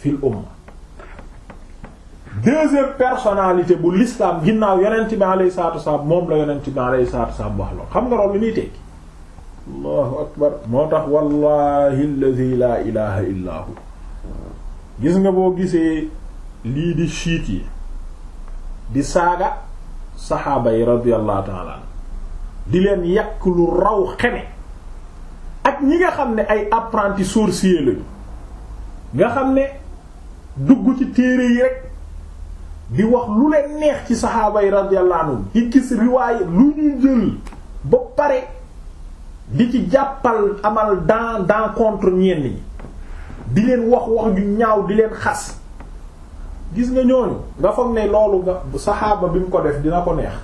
fil umma deuxième personnalité bu l'islam ginnaaw yonent bi alayhi salaatu wassalaam moom la yonent bi alayhi salaatu wassalaam wax loolu xam nga loolu li muy tekki allahu akbar moo tax wallahi alladhi laa illaa hu gis nga boo gisee lii di siit yi di saaga saxaaba yi radiyallahu taala di leen yàq lu raw xeme ak ñi nga xam ne ay apprenti sorcier lañu nga xam ne dugg ci téere yi rek di wax lu leen neex ci saxaaba yi radiyallahu anhum gis riwaaya lu ñu jël ba di ci jàppal amal dans dans contre ñenn di leen wax wax ju ñaaw di leen xas gis nga ñooñu nga foog ne loolu nga saxaaba bi mu ko def dina ko neex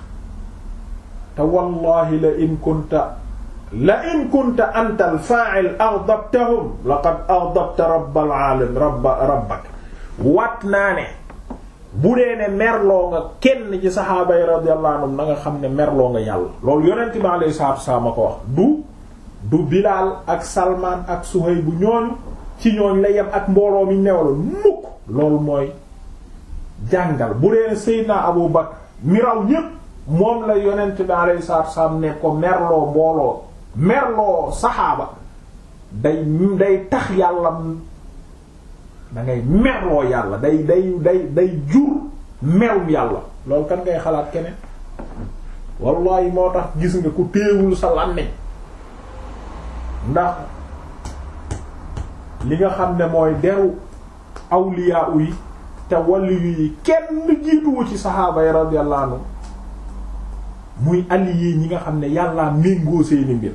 te wallahi la in kunta la in kunta anta al fa'il aghdabtahum laqad aghdabta rabbal alamin rabba rabbak waat naa ne bu dee ne merloo nga kenn ci saxaaba yi radiyallahu anhum na nga xam ne merloo nga yàlla loolu yonent bi alayhi salaam a ko wax du du Bilaal ak Salmaan ak Suhayb bu ñooñu ci ñooñ la yem ak mbooloo mi newal mukk loolu mooy jàngal bu dee Seydina Abu Bakr mi raw ñépp moom la yonent bi alayhi salaatu wassalaam ne ko merloo mbooloo merloo saxaaba day day tax yàlla da merloo yàlla day day day day jur merum yàlla loolu kan ngay xalaat keneen wallahi moo tax gis nga ku téewul sa làmmiñ ndax li nga xam ne mooy deru awliya yi te waliyu yi kenn jiituwu ci saxaaba yi radiyallahu anhu muy allié ñi nga xam ne yàllaa méngoo seeni mbir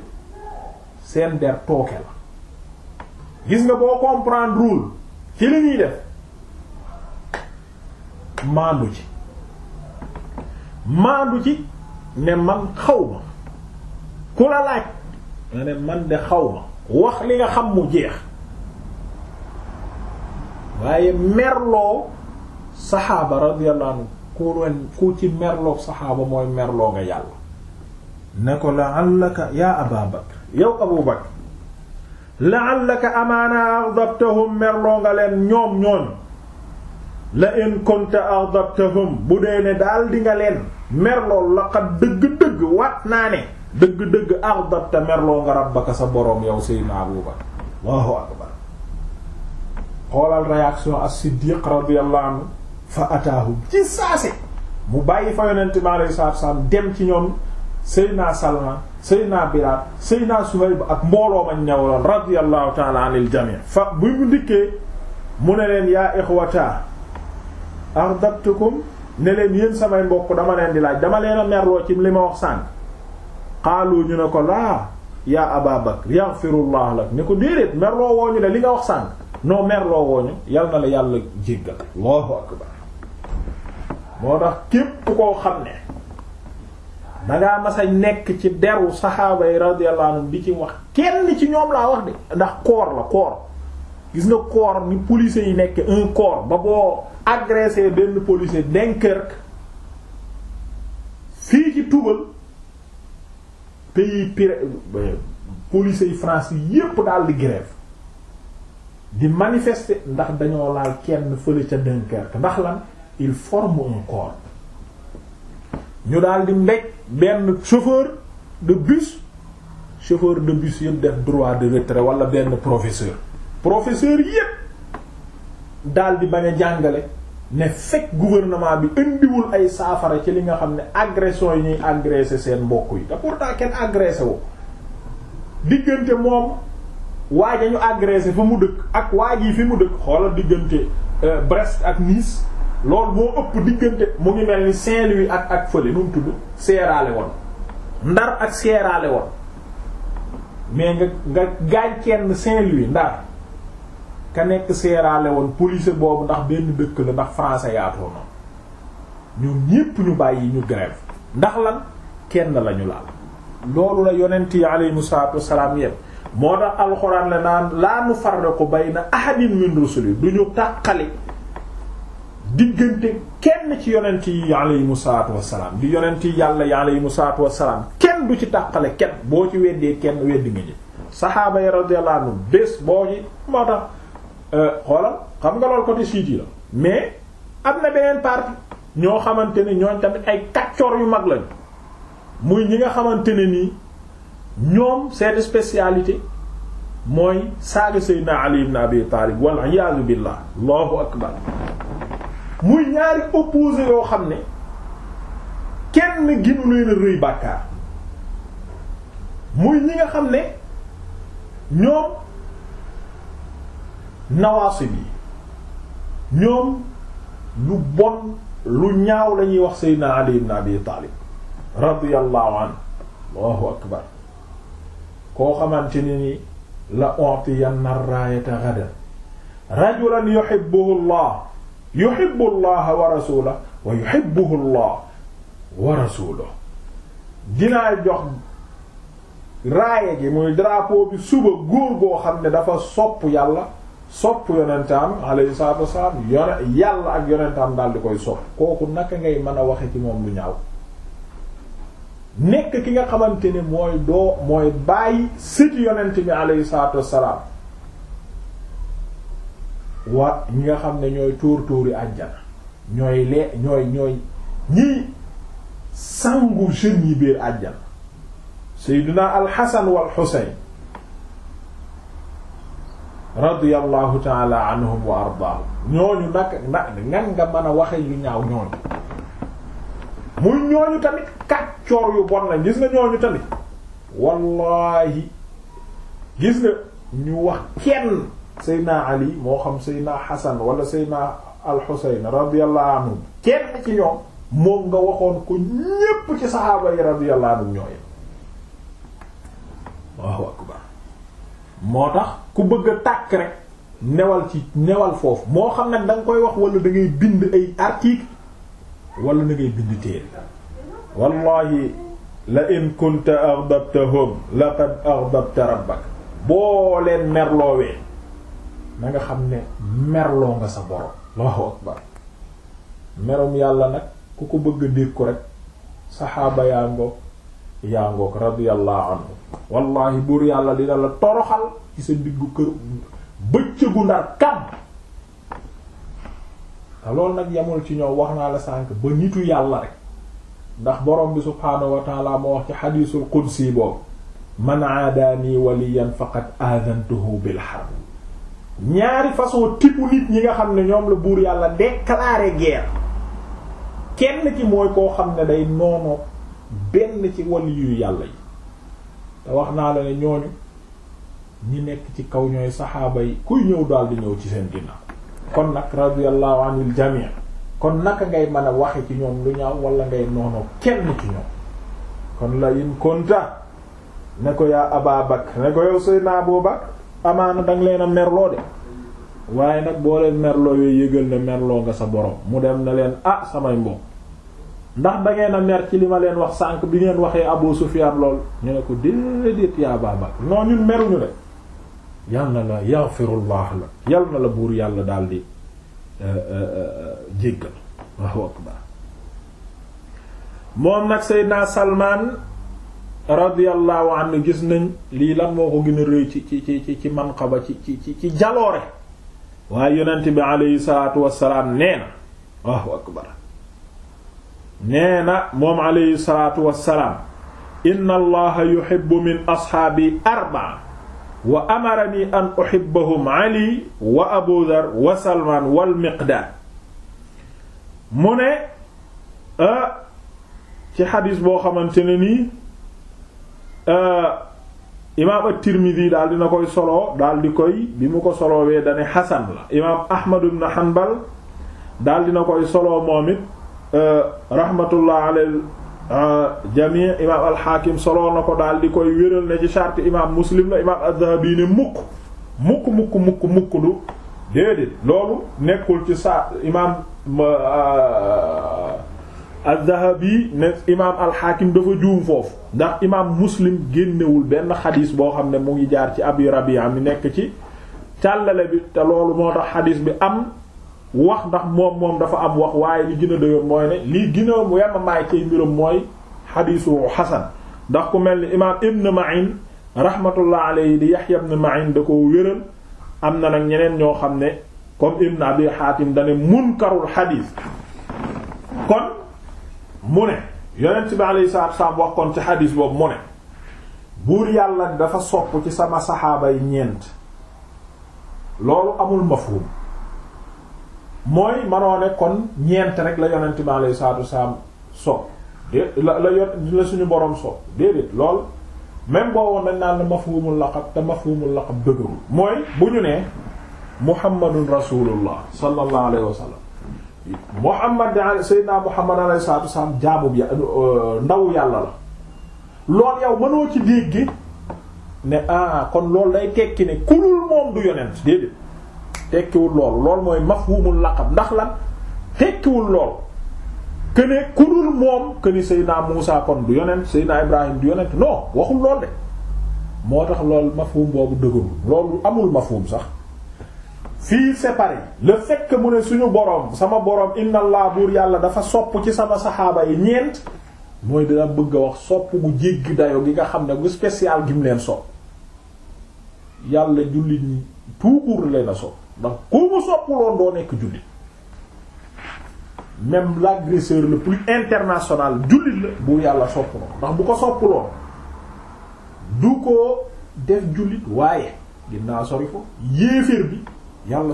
seen der tooke la gis nga boo comprendre wul ci li ñuy def maandu ci maandu ci ne man xaw ma ku la laaj nga man de xaw ma wax li nga xam mu jeex waaye merloo saxaaba radiyallahu anhu ku ren ku ci merloo saxaaba mooy merloo nga yàlla ne ko la'allaka yaa Abaa Bakr yow Abu Bakr la'allaka amaana aghdabtahum merloo nga leen ñoom ñooñ la in kunta aghdabtahum bu dee ne daal di nga leen merloo laqad dëgg-dëgg waat naa ne dëgg-dëgg ardat te merloo nga rabbaka sa boroom yow Seydina Abu Bakar Allahu akbar xoolal réaction as-Siddiq radiyallahu fa ataahu ci saase mu bàyyi fa yonente mi alayhi salaatu salaam dem ci ñoom Seydina Salman Seydina Bilaal Seydina Suhayb ak mbooloo mañ ñëwaloon radiyallahu ta'ala anil jami' fa bu mu ndikkee mu ne leen yaa ixwata ardattukum ne leen yéen samay mbokk dama leen di laaj dama leen a merloo ci li ma wax sànq xaalu ñu ne ko laa yaa Aba Bakr yaghfirullah ne ko déedéet merloo wooñu la li nga wax sànq non merloo wooñu yal na la yàlla jéggal Allahu akbar moo tax képp koo xam ne dangaa mas a nekk ci deru saxaaba yi radiyallahu anhum di ci wax kenn ci ñoom laa wax de ndax koor la koor gis nga koor ni policier yi nekk un corps ba boo agressé benn policier Dunkerque fii ci tugal pays pire police yi France yépp daal di grève di manifester ndax dañoo laal kenn fële ca Dunkerque ndax lan il forme un corps ñu daal di benn chauffeur de bus chauffeur de bus yëpp def droit de retrait wala benn professeur professeur yépp daal di bañ jàngale ne fekk gouvernement bi indiwul ay saafara ci li nga xam ne agression yi ñuy agressé seen mbokk yi te pourtant kenn agressé wu diggante moom waa ja ñu agressé fa mu dëkk ak waa yi fi mu dëkk xoolal diggante euh, Brest ak Nice loolu boo ëpp diggante mu ngi mel ni Saint-Louis ak ak fële nu mu tudd Sierra woon Ndar ak Sierra Leone mais nga nga gaañ kenn Saint-Louis Ndar ka nekk Sierra woon police boobu ndax benn dëkk la ndax français yaatoo noonu ñoom ñépp ñu bàyyi ñu grève ndax lan kenn lañu laal loolu la yonent yi aleyhimu salaatu wassalaam yépp moo tax alxuraan la naan laa nu farriqu bayna ahadin min rusuli du ñu tàqali diggante kenn ci yonent yi aleyhimu salaatu wassalaam di yonent yi yàlla yi aleyhimu salaatu wassalaam kenn du ci tàqale kenn boo ci weddee kenn weddi nga ji saxaaba yi radiyallahu bés boo Euh, xoolal xam nga loolu ko siit yi la mais am na beneen partie ñoo xamante ni ñooñ tamit ay kaccoor yu mag lañu muy ñi nga xamante ni nii ñoom seen spécialité mooy saaga Seydina Ali ibn Abi Talib wal iyaazu billah allahu akbar muy ñaari opposé yoo xam ne kenn ginu leen a rëy bàkkaar muy ñi nga xam ne ñoom nawaasib yi ñoom lu bon lu ñaaw la ñuy wax seydna ali ibn abi taalib radiyallahu anhu allahu akbar koo xamante ne ni la ontiyanna raayata gadan rajulan yuhibbuhu llah yuhibbu llaha wa rasulahu wa yuhibbuhu llah wa rasuluhu dinaa jox raaya gi muy drapeau bi suba góor goo xam ne dafa sopp yàlla sopp yonentaam alayhi salaatu wasalaam yone yàlla ak yonentaam daal di koy sopp kooku naka ngay mën a waxe ci moom lu ñaaw nekk ki nga xamante ne mooy doo mooy bàyyi sëti yonent bi alayhi salaatu wasalaam wa ñi nga xam ne ñooy tóor tóori àjjana ñooy lee ñooy ñooy ñiy sangu jeunes yi biir àjjana seyduna alxasan wal radiyallahu taala anhum wa ardaahum ñooñu nag ngan nga mën a waxe yu ñaaw ñooñu mu ñooñu tamit kàccoor yu bon lañ gis nga ñooñu tamit wallahi gis nga ñu wax kenn seydna ali moo xam seydna hasan wala seydna al xuseyn radiyallahu anhum kenn ci ñoom moom nga waxoon ko ñépp ci saxaaba yi radiyallahu anhum ñooy allahu akbar moo tax ku bëgg a tàkk rek newal ci newal foofu moo xam nag da koy wax wala da bind ay article walla da ngay bind téere wallahi la in kunta aghdabtahum laqad aghdabta rabbak boo leen merloowee na nga xam ne merloo nga sa borom allahu akbar merum yàlla nag ku ko bëgg a ko rek saxaaba yaa ngo yaa ngoog radiyallahu wallahi buur yàlla dina la toroxal ci sa diggu kër bëccëgu ndar kam te nag yamul ci ñoom wax naa la sànk ba nitu yàlla rek ndax borom bi subhaanahu wa moo wax ci xadiisul qudsi boobu man aadaani waliyan faqad aadantuhu bil harb ñaari façon tipu nit ñi nga xam ne ñoom la buur yàlla déclarer guerre kenn ki mooy koo xam ne day noonoo benn ci wàll yu yàlla yi te wax naa la ne ñooñu ñi nekk ci kaw ñooy saxaaba yi kuy ñëw daal di ñëw ci seen ginnaaw kon nag radiyallahu anil jami' kon naka ngay mën a waxe ci ñoom lu ñaaw wala ngay noonoo kenn ci ñoom kon la in konta ne ko yaa Aba Bakr ne ko yow Seydina Abu Bakr amaana danga leen a merloo de waaye nag boo leen merloo yooyu yëgal ne merloo nga sa borom mu dem na leen ah samay mbokk ndax da ngeen a mer ci li ma leen wax sànq bi ngeen waxee Abu Sufyan lool ñu ne ko déedéet yaa baabal non ñun meruñu de yal na la yaghfirullah la yal na la buur yàlla daal di euh, euh, euh, jéggal waaw akbar moom nag Seydina Salman radiyallahu anhu gis nañ lii lan moo ko gën a rëy ci ci ci ci manqaba ci ci ci ci jaloore waaye yonent bi alayhi salaatu wassalaam nee na waaw akbar nee na moom aleyhi salaatu wassalaam inna allaha yuhibbu min asxaabi arba'a wa amarani an uhibbahum ali wa abu wa salman wal miqdaad mu ne ah, ci xadis boo xamante ne nii ah, imaam at-Tirmidhi daal na koy soloo daal di koy bi mu ko soloowee dane xasan la imaam Ahmad ibn Hanbal daal dina koy solo moom it Euh, rahmatullah alal euh, jamii imaam alxaakim solo na ko daal di koy wéral ne ci charte imaam muslim la imaam nekkul ci sa imaam euh, az-zahabi ne imaam alxaakim dafa juum foofu ndax imaam muslim génnewul benn xadiis boo xam ne mu ngi jaar ci abi rabia mi nekk ci càllale bi te loolu moo tax xadiis bi am wax ndax moom moom dafa am wax waaye li gën dëgër mooy ne lii gën a yemma maay cay mbirum mooy xadiisu xasan ndax ku mel ni imaam ibn Ma'in rahmatullah alayhi di Yahya ibn Ma'in da ko wéral am na nag ñeneen ñoo xam ne comme ibn Abi Hatim dane munkarul xadiis kon mu ne yonent bi alayhi salaatu wassalaam wax kon ci xadiis boobu mu ne buur yàlla dafa sopp ci sama saxaaba yi ñeent loolu amul mafhum mooy manoo ne kon ñeent rek la yonent bi alayhi salaatu wasalaam sopp dé la la yon la suñu borom sopp déedéet lool même boowoon nañ naan la mafhumul laqab te mafhumul laqab dëgërul mooy bu ñu nee muhammadun rasulullah sallallahu alayhi wa sallam muhammad sayyidina muhammad alayhi salaatu wasalaam jaabub ya euh, ndaw yàlla la lool yow mënoo ci dégg ne ah kon loolu day tekki ne kulul moom du yonent déedéet tekkiwul lool loolu mooy mafhumul laqab ndax la tekkiwul lool këne kudul moom këne Seydina Muusa kon du yonent Seydina Ibrahim du yonent non waxul lool de moo tax loolu mafhum boobu dëgërul loolu amul mafhum sax fii c'est pareil fekk fait mu ne suñu boroom sama boroom inna laa buur yàlla dafa sopp ci sama saxaaba yi ñeent mooy dina bëgg a wax sopp gu jéggi dayo gi nga xam ne gu spécial gi mu leen soo yàlla jullit ñi tout leen a sopp ndax ku mu soppuloon doo nekk jullit même l'agresseur le plus international jullit la bu yàlla soppuloon bu ko soppuloon du ko def jullit waaye ginnaaw sori ko yéeféer bi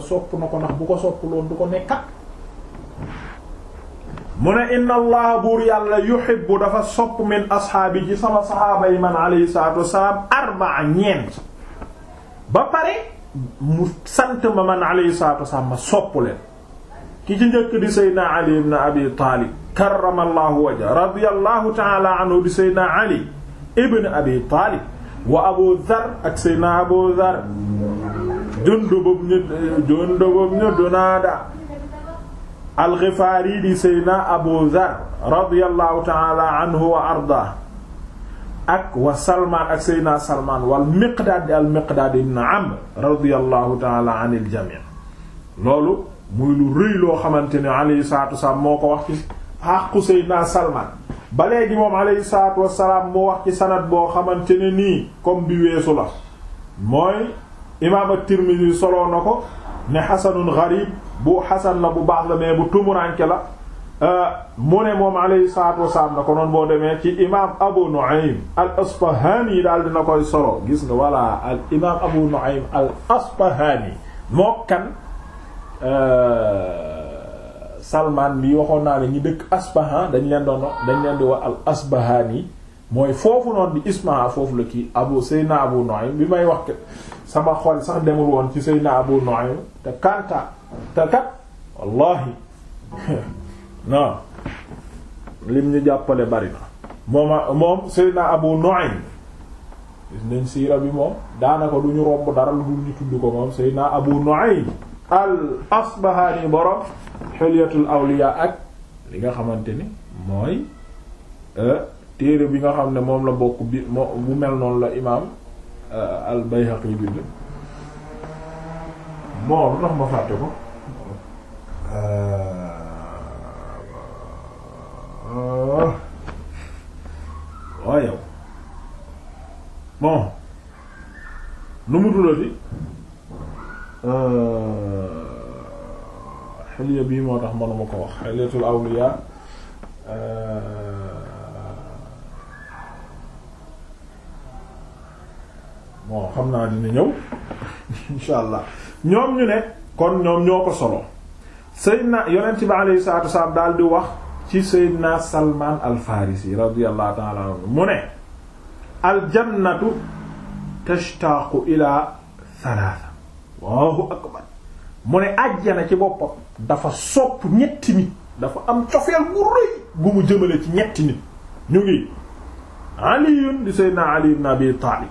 sopp na ko ndax bu ko soppuloon du ko nekkat mu ne inna buur yàlla yuhibbu dafa sopp min asxaabi ci sama saxaaba yi man alayhi salaatu wasalaam arbaa ñeent ba pare mu sant ma man alayhi salaatu wasalaam ma sopp leen ki ci njëkk di seydna ali ibn abi taalib karamallahu wajha radiyallahu taala anhu di seydna ali ibn abi taalib wa abu dhar ak seydna abu dhar jundubub ñu jundubub ñu dunaada al-Ghifari di seydna abu dhar radiyallahu taala anhu wa arda ak wa salmaan ak seydina salmaan wal miqdaad al miqdaad ibn amr radiallahu taala an il loolu muy lu rëy loo xamante ne alayhi salaatu wasalaam moo ko wax ci xàqu seydina salmaan ba léegi moom alayhi mu wax ci sanad boo xamante ne nii comme bi weesu la mooy imaam at-Tirmidhi soloo na ko ne xasanun gharib bu xasan la bu baax la mais bu tumuranke la Euh, mu ne moom alayhi salaatu wasalaam na ko noonu boo demee ci imaam Abu Nu'aym al Asfahaani daal dina koy solo gis nga voilà al imaam Abu Nu'aym al Asfahaani moo kan euh, Salman bi waxoon naa ne ñi dëkk Asbahan dañ leen doon dañ leen di wax al Asbahaani mooy foofu noonu di Ismaa foofu la kii Abu Seyna Abu Nu'aym bi may wax sama xool sax demul woon ci Seyna Abu Nu'aym te Kanta te kat wallahi waaw lim ñu jàppale bari na mooma moom Seydina Abu Nu'aym gis nañ siira bi moom daanaka du ñu romb dara lu dul ñu tudd ko moom Seydina Abu Nu'aym al Asbahani borom Hilyatul Awliya ak li nga xamante ni mooy euh, téere bi nga xam ne moom la bokk bi moo bu mel noonu la imaam euh, al Bayhaqi bi bind moo lu ma fàtte ko euh, waaw oh. oh, yow bon nu mu tuddati xilya euh, bii moo tax manuma ko wax xilyatul awliya euh, bon xam naa dina ñëw insha allah ñoom ñu ne kon ñoom ñoo ko solo Seydina yonent bi alayhi salaatu wasalaam daal di wax ci Seydina Salman al Farisi radiyallahu ta'ala anhu mu ne al jannatu tashtaqu ila thalatha Allahu akbar mu ne àjjana ci boppam dafa sopp ñetti nit dafa am cofeel bu rëy bu mu jëmale ci ñetti nit ñu ngi aliyun di Seydina Ali ibn Abi Talib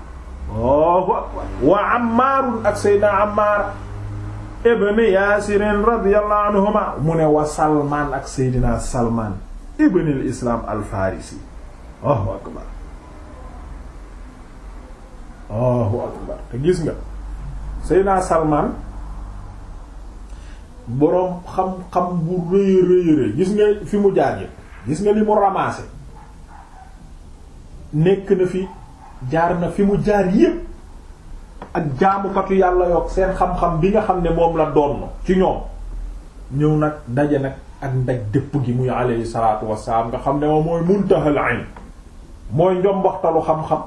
Allahu akbar wa Ammaarun ak Seydina Ammaar ibn yaasirin radiyallahu anhuma mu ne wa salmaan ak seydina salmaan ibnil islaam al farisi allahu akbar allahu akbar te gis nga seydina salmaan boroom xam-xam bu rëy rëy rëy gis nga fi mu jaage gis nga li mu ramassé nekk na fi jaar na fi mu jaar yépp ak jaamukatu yàlla yoog seen xam-xam bi nga xam ne moom la doon ci ñoom ñëw nag daje nag ak ndaj dëpp gi muy alayhi salaatu wassalaam nga xam ne moom mooy muntahal ilm mooy njomboxtalu xam-xam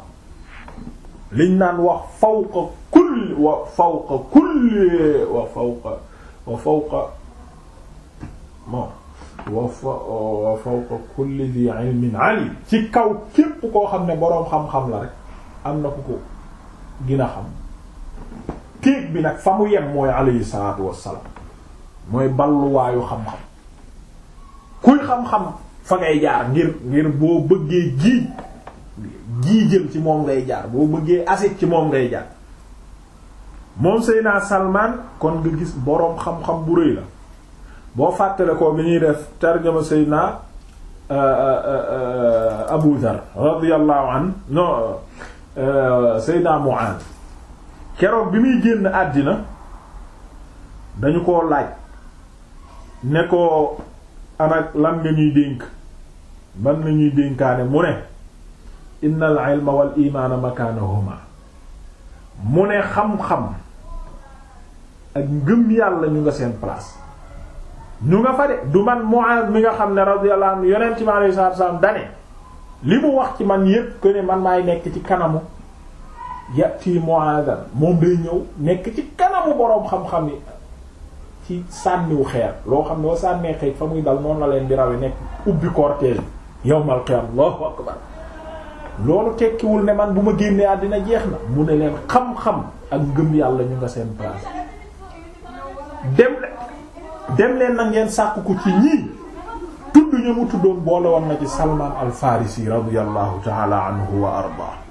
liñ naan wax fawqa kulli wa fawqa kulli wa fawqa wa fawqa bon wa fawqa kulli dhi ilmin ci kaw képp koo xam ne boroom xam-xam la rek am na ku ko gën a xam kéeg bi nag fa mu yem mooy alayhi salaatu wassalaam mooy balluwaayu xam-xam kuy xam-xam fa ngay jaar ngir ngir boo bëggee gii gii jël ci moom ngay jaar boo bëggee asit ci moom ngay jaar moom Seydina Salman kon nga gis boroom xam-xam bu rëy la boo fàttale ko mi ñuy def tarjama Seydina euh, euh, euh, Abu Dhar radiyallahu an non Seydina Mu'adh keroog bi muy génn àddina dañu ko laaj ne ko anak lan nga ñuy dénk ban la ñuy dénkaane mu ne innal ilma wal imaana makaanahuma mu ne xam-xam ak ngëm yàlla ñu nga seen place ñu nga fa de du man Mu'aaz mi nga xam ne radiyallahu anhu yonent mi alayhi salaatu wa salaam dane li mu wax ci man yépp ko ne man maay nekk ci kanamu yati mu'adhan moom day ñëw nekk ci kanamu boroom xam-xam yi ci sànniwu xeer loo xam ne wa sànnee xeej fa muy dal noonu la leen di rawe nekk ubbi cortège yawmal qiyam loolu tekkiwul ne man bu ma génnee àddina jeex na mu ne leen xam-xam ak ngëm yàlla ñu nga seen place dem dem leen na ngeen sàkk ko ci ñii tudd ñu mu tuddoon boole woon na ci Salman al Farisi radiyallahu ta'ala anhu wa arda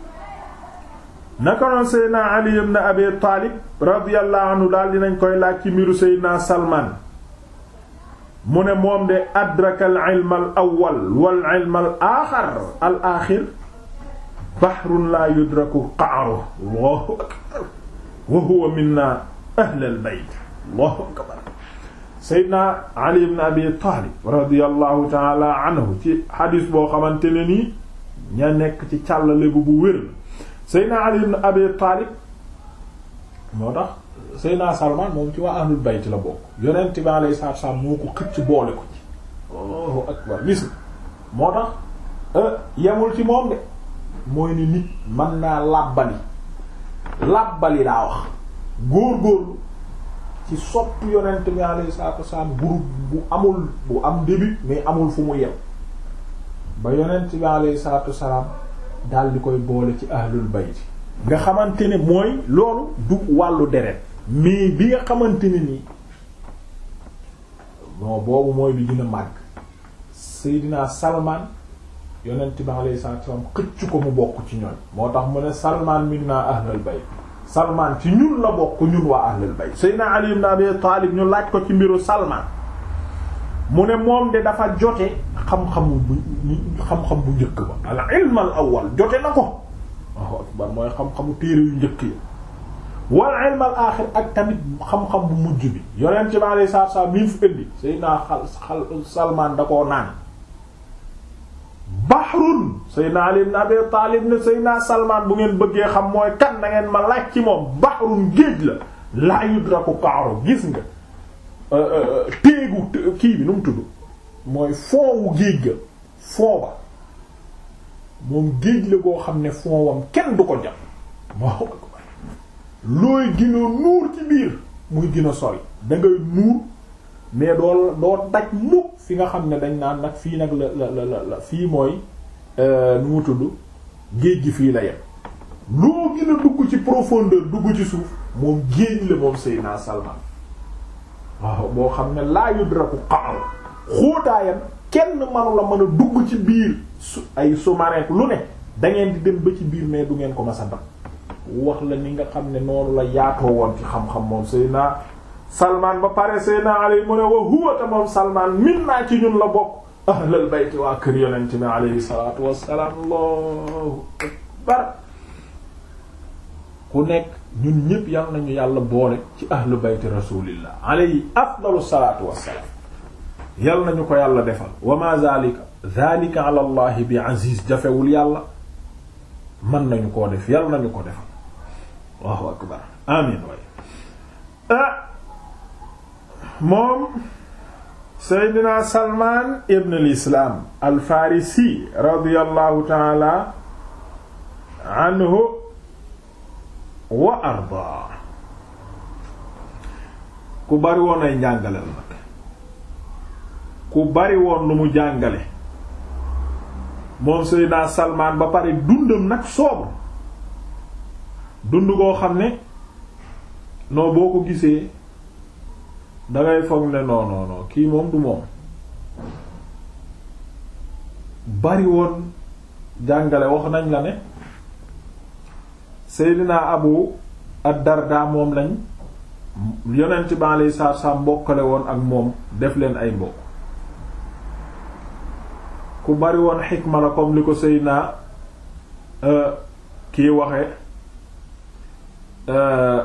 naka noon ali ibn abi taalib radiyallahu anhu daal dinañ koy laaj ci mbiru seydna salman mu ne moom de adraka al ilma al wal ilma al aaxar al aaxir bahrun laa akbar wa huwa minna ahlal bayt allahu akbar seydna ali ibn abi taalib radiyallahu taala anhu ci xadiis boo xamante ne nii ña nekk ci càllale bu bu wér Seydina Ali ibn Taalib moo tax Seydina Salman moom ci waa ahlul bayt la bokk yonent bi alayhi salaatu salaam moo ko xëcc boole ko ci Allahu akbar gis moo tax euh, yemul ci moom de mooy ni nit mën naa làbbali làbbali laa wax góor-góorlu ci sopp yonent bi alayhi salaatu salaam groupe bu amul bu am début mais amul fu mu yem ba yonent bi alayhi salaatu salaam daal di koy boole ci ahlul bayt nga xamante ne mooy loolu du wàllu deret mais bi nga xamante ne ni bon boobu mooy bi gën a màgg Seydina Salman yonent bi alayhi salaatu wasallam xëcc ko mu bokk ci ñoom moo tax mu ne Salman minna ahlul bayt Salman ci ñun la bokk ñun waa ahlul bayt Seydina Ali ibn Abi Talib ñu laaj ko ci mbiru Salman mu ne moom de dafa jote xam-xamu bu xam-xam bu njëkk ba al ilm al jote na ko waaw akbar mooy xam-xamu téere yu njëkk yi wal ilm al ak tamit xam-xam bu mujj bi yonent ci maa lay saar saar mi fu indi Seydina xal Salmaan da koo naan bahrun Seydina Ali Salmaan bu ngeen bëggee xam mooy kan na ma laaj ci moom bahrun géej la laa yudraku qa'ru gis nga euh, euh, euh, téegu kii bi nu mu tudd mooy fond wu géej ga géej la boo xam ne fond kenn du ko jam moo looy gën ci biir muy gën a sori da mais doo fi nga xam ne dañ naan fii nag la la la euh, tudd géej gi fii la yem loo gën a dugg ci profondeur dugg ci suuf moom géej la moom Seydina Salman waaw boo xam ne laa yudraku qa'ru xóotaayam kenn manu la mën a dugg ci biir su ay sumareek lu ne da ngeen di dem ba ci biir mais du ngeen ko masa wax la ni nga xam ne noonu la yaatoo woon ci xam-xam moom Seydina Salman ba pare Seydina Ali mu ne wa huwa moom Salman min naa ci ñun la bokk ahlal bayti waa kër yonent bi alayhi salatu wassalam allahu akbar ku nekk ñun ñépp yal nañu yàlla boole ci ahlu bayti rasulillah alayhi afdalu salatu wassalam yal nañu ko yàlla defal wa ma zalika zalika ala bi aziz jafewul yàlla mën nañu koo def yal nañu ko defal allahu akbar amin waay ah, moom seydina salman ibn al islaam radiyallahu taala anhu wa arda ku bari woon njàngaleel na ku bari woon lu mu jàngale moom Seydina Salmaan ba pare dundam nag sobre dund koo xam ne non gisee dangay foog ne non kii moom du moom bari woon jàngale wax nañ la ne Seydina Abu ad-Darda moom lañ yonent bi alayhi salaam mbokkale woon ak moom def leen ay mbokk ku bari won xikma la comme li ko Seydina euh, kii waxe euh,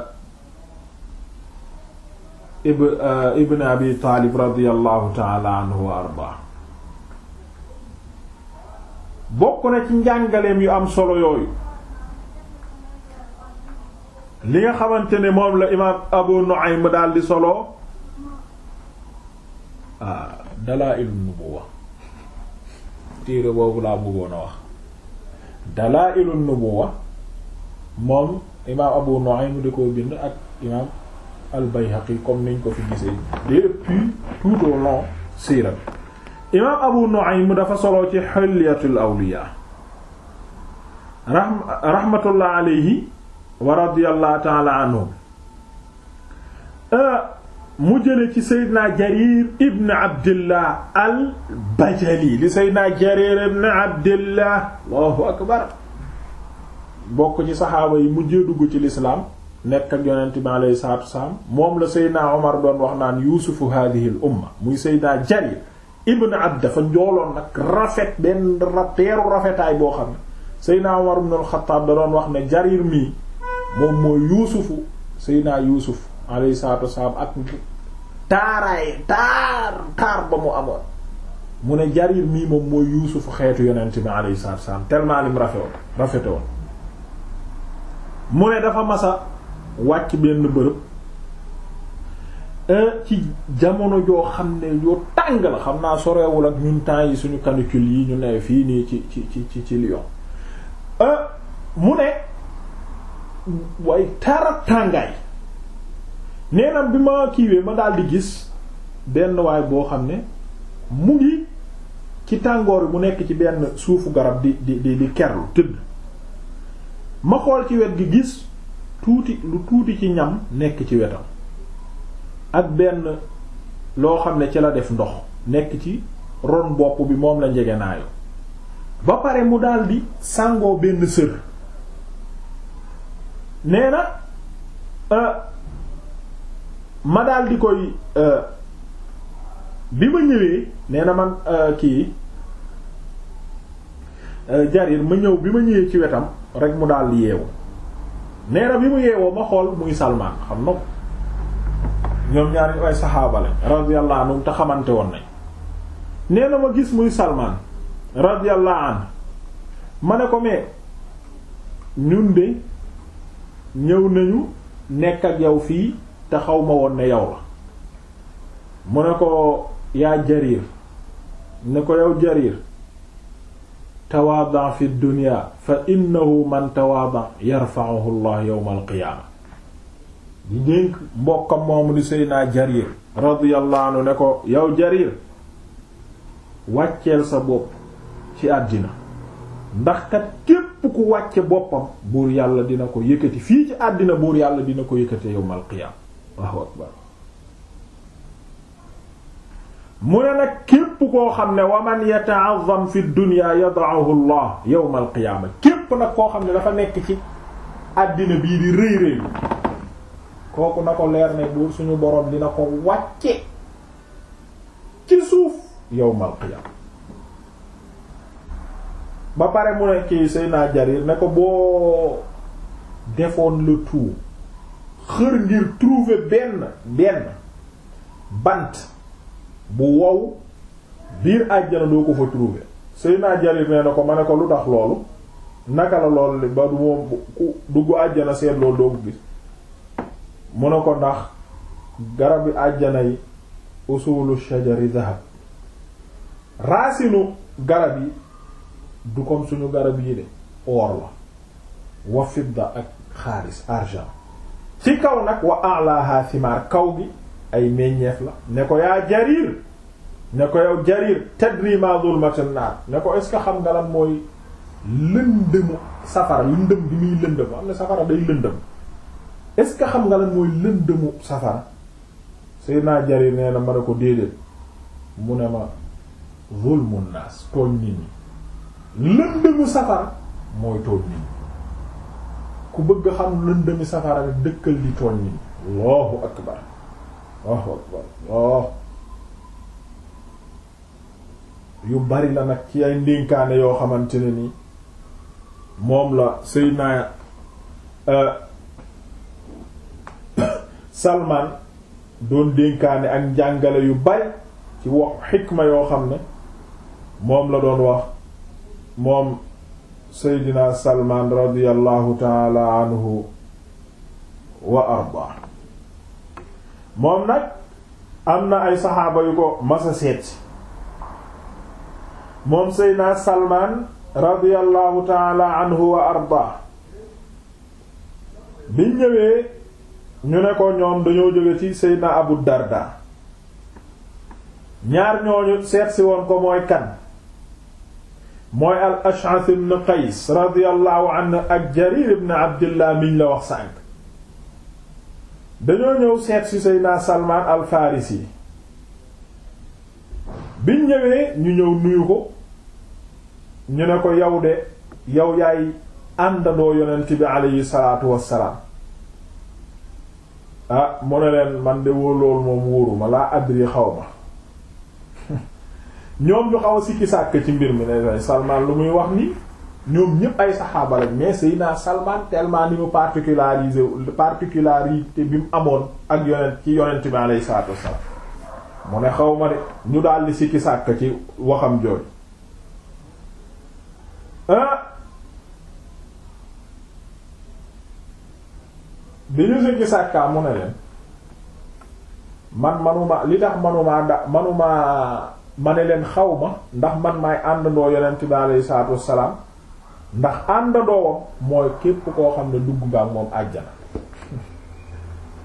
euh, ibn abi taalib radiallahu taala anhu wa ardaa bokk na ci njàngaleem yu am solo yooyu li nga xamante ne moom la imaam abu nu'aym daal di solo ah dalaa'ilun nubuwwa téere boobu laa bëggoon a wax Dalaa'ilun Nubuwwa moom imaam Abu Nu'aym di ko bind ak imaam al-Bayhaqi comme niñ ko fi gisee depuis tout au long imaam Abu Nu'aym dafa solo ci Hilyatul Awliyaa rahmatullah alayhi wa radiyallahu ta'ala anhu euh, mu jële ci Seydina Jarir ibn Abdillah al Bajali li Seydina Jarir ibn Abdillah Allahu akbar bokk ci saxaaba yi mujjee dugg ci lislaam nekk ak yonent bi alayhi salaatu wasalaam moom la Seydina Omar doon wax naan yuusufu haadihi al umma muy Seydina Jarir ibn Abd dafa njooloon nag rafet benn teeru rafetaay boo xam ne Seydina Omar ibn al-Khattab da doon wax ne Jarir mii moom mooy yuusufu Seydina Yuusuf alayhi salaatu wasalaam ak taaraay taar taar ba mu amoon mu ne jarir mii moom mooy yuusufu xeetu yonent bi alayhi salaatu wa salaam tellement lim rafetoon mu ne dafa masa wàcc benn bërëb eh, ci jamono joo xam ne yoo tàng la xam naa sorewul ak ñun temps yi suñu canicule yi ñu ne fii nii ci ci ci ci Lyon eh, mu ne waaye taarab tàngaay nee na bi ma kiiwee ma daal di gis benn waay boo xam ne mu ngi ci tàngoor bu nekk ci benn suufu garab di di di kerlu tëdd ma xool ci wet gi gis tuuti lu tuuti ci ñam nekk ci wetam ak benn loo xam ne ci la def ndox nekk ci ron bopp bi moom la njegenaayo ba pare mu daldi sàngoo benn sër nee euh, ma daal di koy euh, bi ma ñëwee nee na man euh, kii euh, Jarir ma ñëw bi ma ñëwee ci wetam rek mu daal di yeewu nee na bi mu yeewoo ma xool muy Salmaan xam na ñoom ñaari ay saxaaba lañ radiyallahu anhum te xamante woon nañ nee na ma gis muy Salmaan radiyallahu anhu ma ne ko mais ñun de ñëw nañu nekk ak yow fii taxaw ma woon ne yow la mu ne ko yaa Jarir ne ko yow Jarir tawaadan fi dunya fa innahu man tawaadan yarfa'uhu Allah qiyaama di dénk mbokkam moomu di Seydina Jarir radiyallahu anhu ne ko yow Jarir wàcceel sa bopp ci àddina ndax kat képp ku wàcce boppam buur yàlla dina ko yëkkati fii ci àddina buur yàlla dina ko yëkkati yawmal qiyaama Allahu akbar mu ne nag képp koo xam ne wa man yata'azzam fi dunya yad'ahu Allah yawm al képp nag koo xam ne dafa nekk ci àddina bii di rëy rëy kooku na ko leer ne buur suñu boroom dina ko wàcce ci suuf yawm al-qiyamah ba pare mu ne kii Seydina Jarir ne ko boo defoon le tout xër ngir trouver benn benn bant bu wow biir àjjana doo ko fa trouver sëy naa Jarir nee na ko ma ne ko lu tax loolu naka la loolu ba du moom ku dugg àjjana seet doo ko gis mu ne ko ndax garab yi àjjana yi usulu shajari zahab raasinu garab yi du comme suñu garab yi de or la wa fidda ak xaalis argent ci kaw nag wa alaha simaar kaw gi ay meññeef la ne ko yaa jarir ne ko yow jarir tadri ma zulmatun naar ne ko est ce xam nga lan mooy lëndëmu safara lëndëm bi muy lëndëm am na ce que xam nga la mooy lëndëmu safara sëy naa jarir nee na ma ne ko déedéet mu ne ma zulmun naas tooñ nit ñi lëndëmu safara mooy tooñ nit ñi ku bëgg a xam lëndëmi safara rek dëkkal di tooñ yi allahu akbar allahu akbar allah yu bari la nag ci ay ndénkaane yoo xamante ne ni moom la Seydina euh, Salman doon dénkaane ak njàngale yu bari ci wax xikma yoo xam ne moom la doon wax moom seydina salmaan radiallahu taala anhu wa arda moom nag am na ay saxaaba yu ko masa seet moom seydina salmaan radiallahu taala anhu wa arda biñ ñëwee ñu ne ko ñoom dañoo jóge ci seydina abu darda ñaar ñooñu seet woon ko mooy kan mooy al Ash'ath ibn Qays radiyallahu anhu ak Jarir ibn Abdillah miñ la wax sànq dañoo ñëw seet ci Seydina Salman al Farisi biñ ñëwee ñu ñëw nuyu ko ñu ne ko yow de yow yaay àndandoo yonent bi aleyhi salaatu wassalaam ah mu ne leen man de wóor moom wóoruma laa adri xaw ma ñoom ñu xaw a sikki sàkk ci mbir mi ne Salman lu muy wax ni ñoom ñëpp ay saxaaba lañ mais Seydina Salman tellement ni mu particularisé particularité bi mu amoon ak yonent ci yonent bi alayhi salaatu wassalaam mu ne xaw ma de ñu daal di sikki sàkk ci waxam jooju ah! bi ñu sikki sàkkaa mu ne leen man manuma li tax manuma da manuma ma ne leen xaw ma ndax man maay àndandoo yonent bi alayhi salaatu ndax àndandoowam mooy képp koo xam ne dugg nga moom àjjana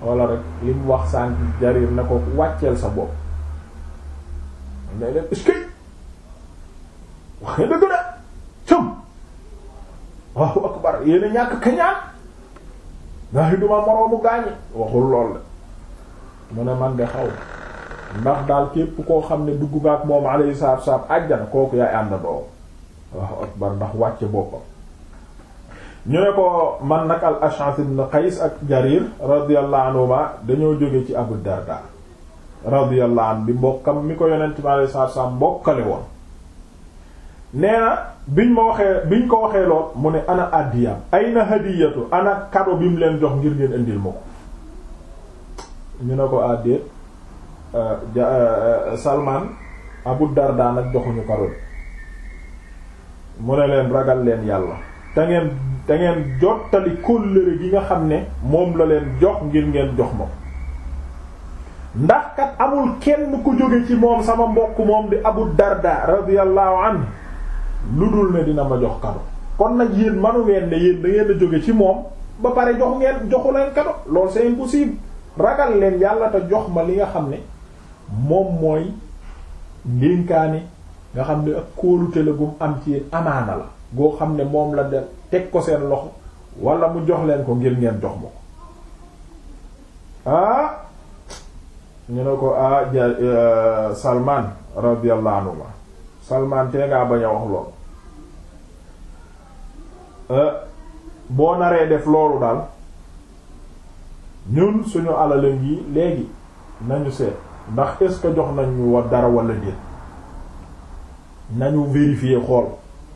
walla rek li wax sànq jarir na ko wàcceel sa bopp ne leen est-ce que waxee dëgg na cëm waaw akbar yéena ñàkk kañaan ndax duma moroomu gaañi waxul lool de mu ne man de xaw ndax daal képp koo xam ne dugg nga ak moom alayhi salaatu salaam àjjana kooku yaay ànd doo waaw akbar ndax wàcce boppam ñu ne ko man nag al Ash'ath ibn Qays ak Jarir radiyallahu anhuma dañoo jóge ci Abu Darda radiyallahu anhu bi mbokkam mi ko yonent bi alayhi salaatu salaam mbokkale woon nee biñ ma waxee biñ ko waxee lool mu ne ana àddiyaam ay na hadiyatu ana kado bi mu leen jox ngir ngeen indil ma ko ñu ne ko àddeet ah, Euh, euh, euh, Salman Abu Darda nag joxuñu parole mu ne leen ragal leen yàlla te ngeen te ngeen jottali kóllëre gi nga xam ne moom la leen jox ngir ngeen jox ma ndax kat amul kenn ku jóge ci moom sama mbokk moom di Abu Darda radiyallahu anhu lu dul ne dina ma jox kado kon nag yéen manu ngeen di yéen da ngeen jóge ci moom ba pare jox ngeen joxu leen kado loolu c'est impossible ragal leen yàlla te jox ma li nga xam ne moom mooy ndénkaane nga xam ne ak kóolute la gum am ci amaana la goo xam ne moom la def teg ko seen loxo walla mu jox leen ko ngir ngeen jox ma ko ah ñu ne ko ah ja euh, Salman radiyallahu anhu Salman te ngaa bañ a wax lool euh, boo naree def loolu daal ñun suñu alal yi léegi nañu seet ndax est-ce que jox nañ ñu wa dara wala déet nañu vérifier xool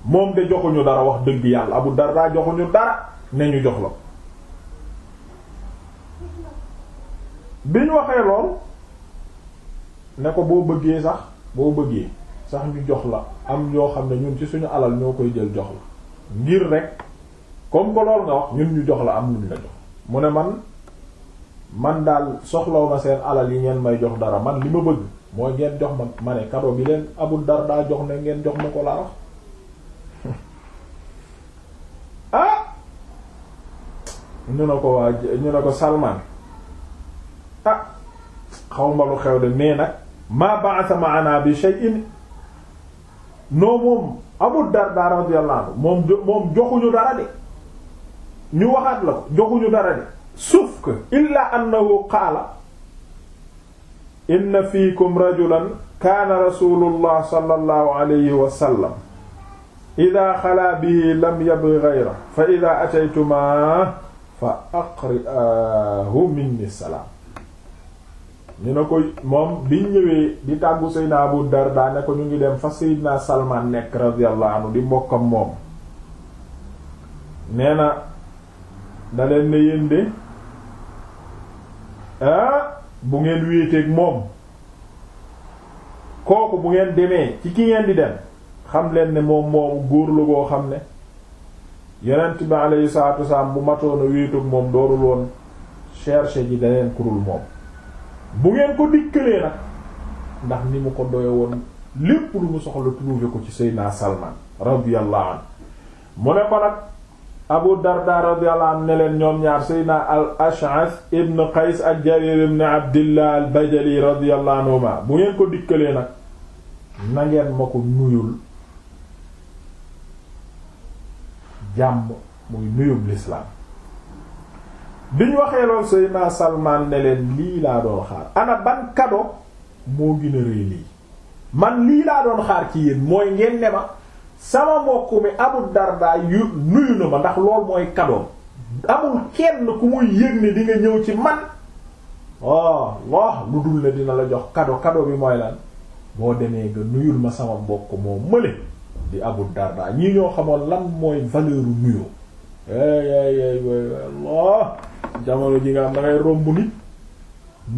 moom de joxuñu dara wax dëgg yàlla abu darda joxuñu dara ne ñu jox la bi ñu waxee lool ne ko boo bëggee sax boo bëggee sax ñu jox la am yoo xam ne ñun ci suñu alal ñoo koy jël jox la ngir rek comme ko lool nga wax ñun ñu jox la am luñ la jox mu ne man man daal soxlaw ma seen alal yi ngeen may jox dara man li ma bëgg mooy ngeen jox ma ma ne cadeau bi leen Abu Darda jox ne ngeen jox ma ko laa wax ah ñu ne ko ko Salman ah xaw ma lu xew de mais nag ma ba'atha ma'ana bi shay'in non moom Abu Darda radiyallahu anhu moom moom joxuñu dara de ñu waxaat la ko joxuñu dara de sauf que illa annahu qaala inna fiikum rajulan kaana rasulullah sallallahu alayhi wa sallam ida bihi lam yabgi gayra fa ida ataytuma fa aqri'ahu minni salaam ñu ne ko moom biñ ñëwee di tàggu Seydina Abu Darda ne ko ñu ngi dem fa Seydina Salman nekk radiyallahu anhu di mbokkam moom nee na ne yéen ah bu ngeen wéeteeg moom kooku bu ngeen demee ci ki ngeen di dem xam leen ne moom moomu góor la goo xam ne yonent bi alayhi salaatu wasalaam bu matoon a moom doorul woon chercher ji daneen kurul moom bu ngeen ko dikkalee nag ndax ni mu ko doye woon lépp lu mu soxla trouver ko ci Seydina Salman radiyallahu anhu mu ne ko nag abu darda radiyallahu anhu ne leen ñoom ñaar seydna al ash'ath ibn qays ak jarir ibn abdillah al bajali radiyallahu anhuma bu ngeen ko dikkalee nag na ma ko nuyul jàmm muy nuyub lislaam biñ waxee lool seydna salmaan ne lii laa doon xaar ana ban kado moo gën a rëy lii man lii laa doon xaar ci yéen mooy ngeen ne ma sama mbokk mi Abu Darda yu nuyu na ma ndax lool mooy kadoom amul kenn ku muy yëg ne di ñëw ci man oh Allah lu dul ne dina la jox kado kado bi mooy lan boo demee nga nuyul ma sama mbokk moo mële di Abu Darda ñii ñoo xamoon lan mooy valeur u nuyoo ay ay ay Allah jamono ji nga am da romb nit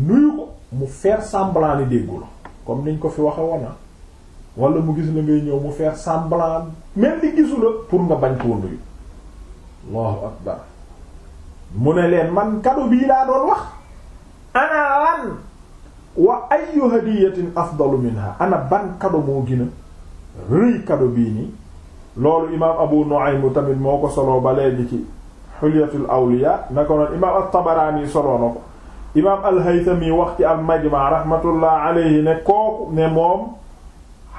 nuyu ko mu faire semblant ni déggu la comme niñ ko fi waxe woon ah. wala mu gis la ngay ñëw mu faire semblant mel ni gisu pour nga bañ koo nuyu allahu akbar mu ne leen man kado bii laa doon wax ana lan wa ayu hadiyatin afdalu minha ana ban kado moo gën a rëy kado bii nii loolu imaam abu nu'aym tamit moo ko soloo ba léegi ci xulyatul awliya na ko noon imaam at-tabaraani na ko imaam al wax ci al-majma rahmatullah ne kooku ne moom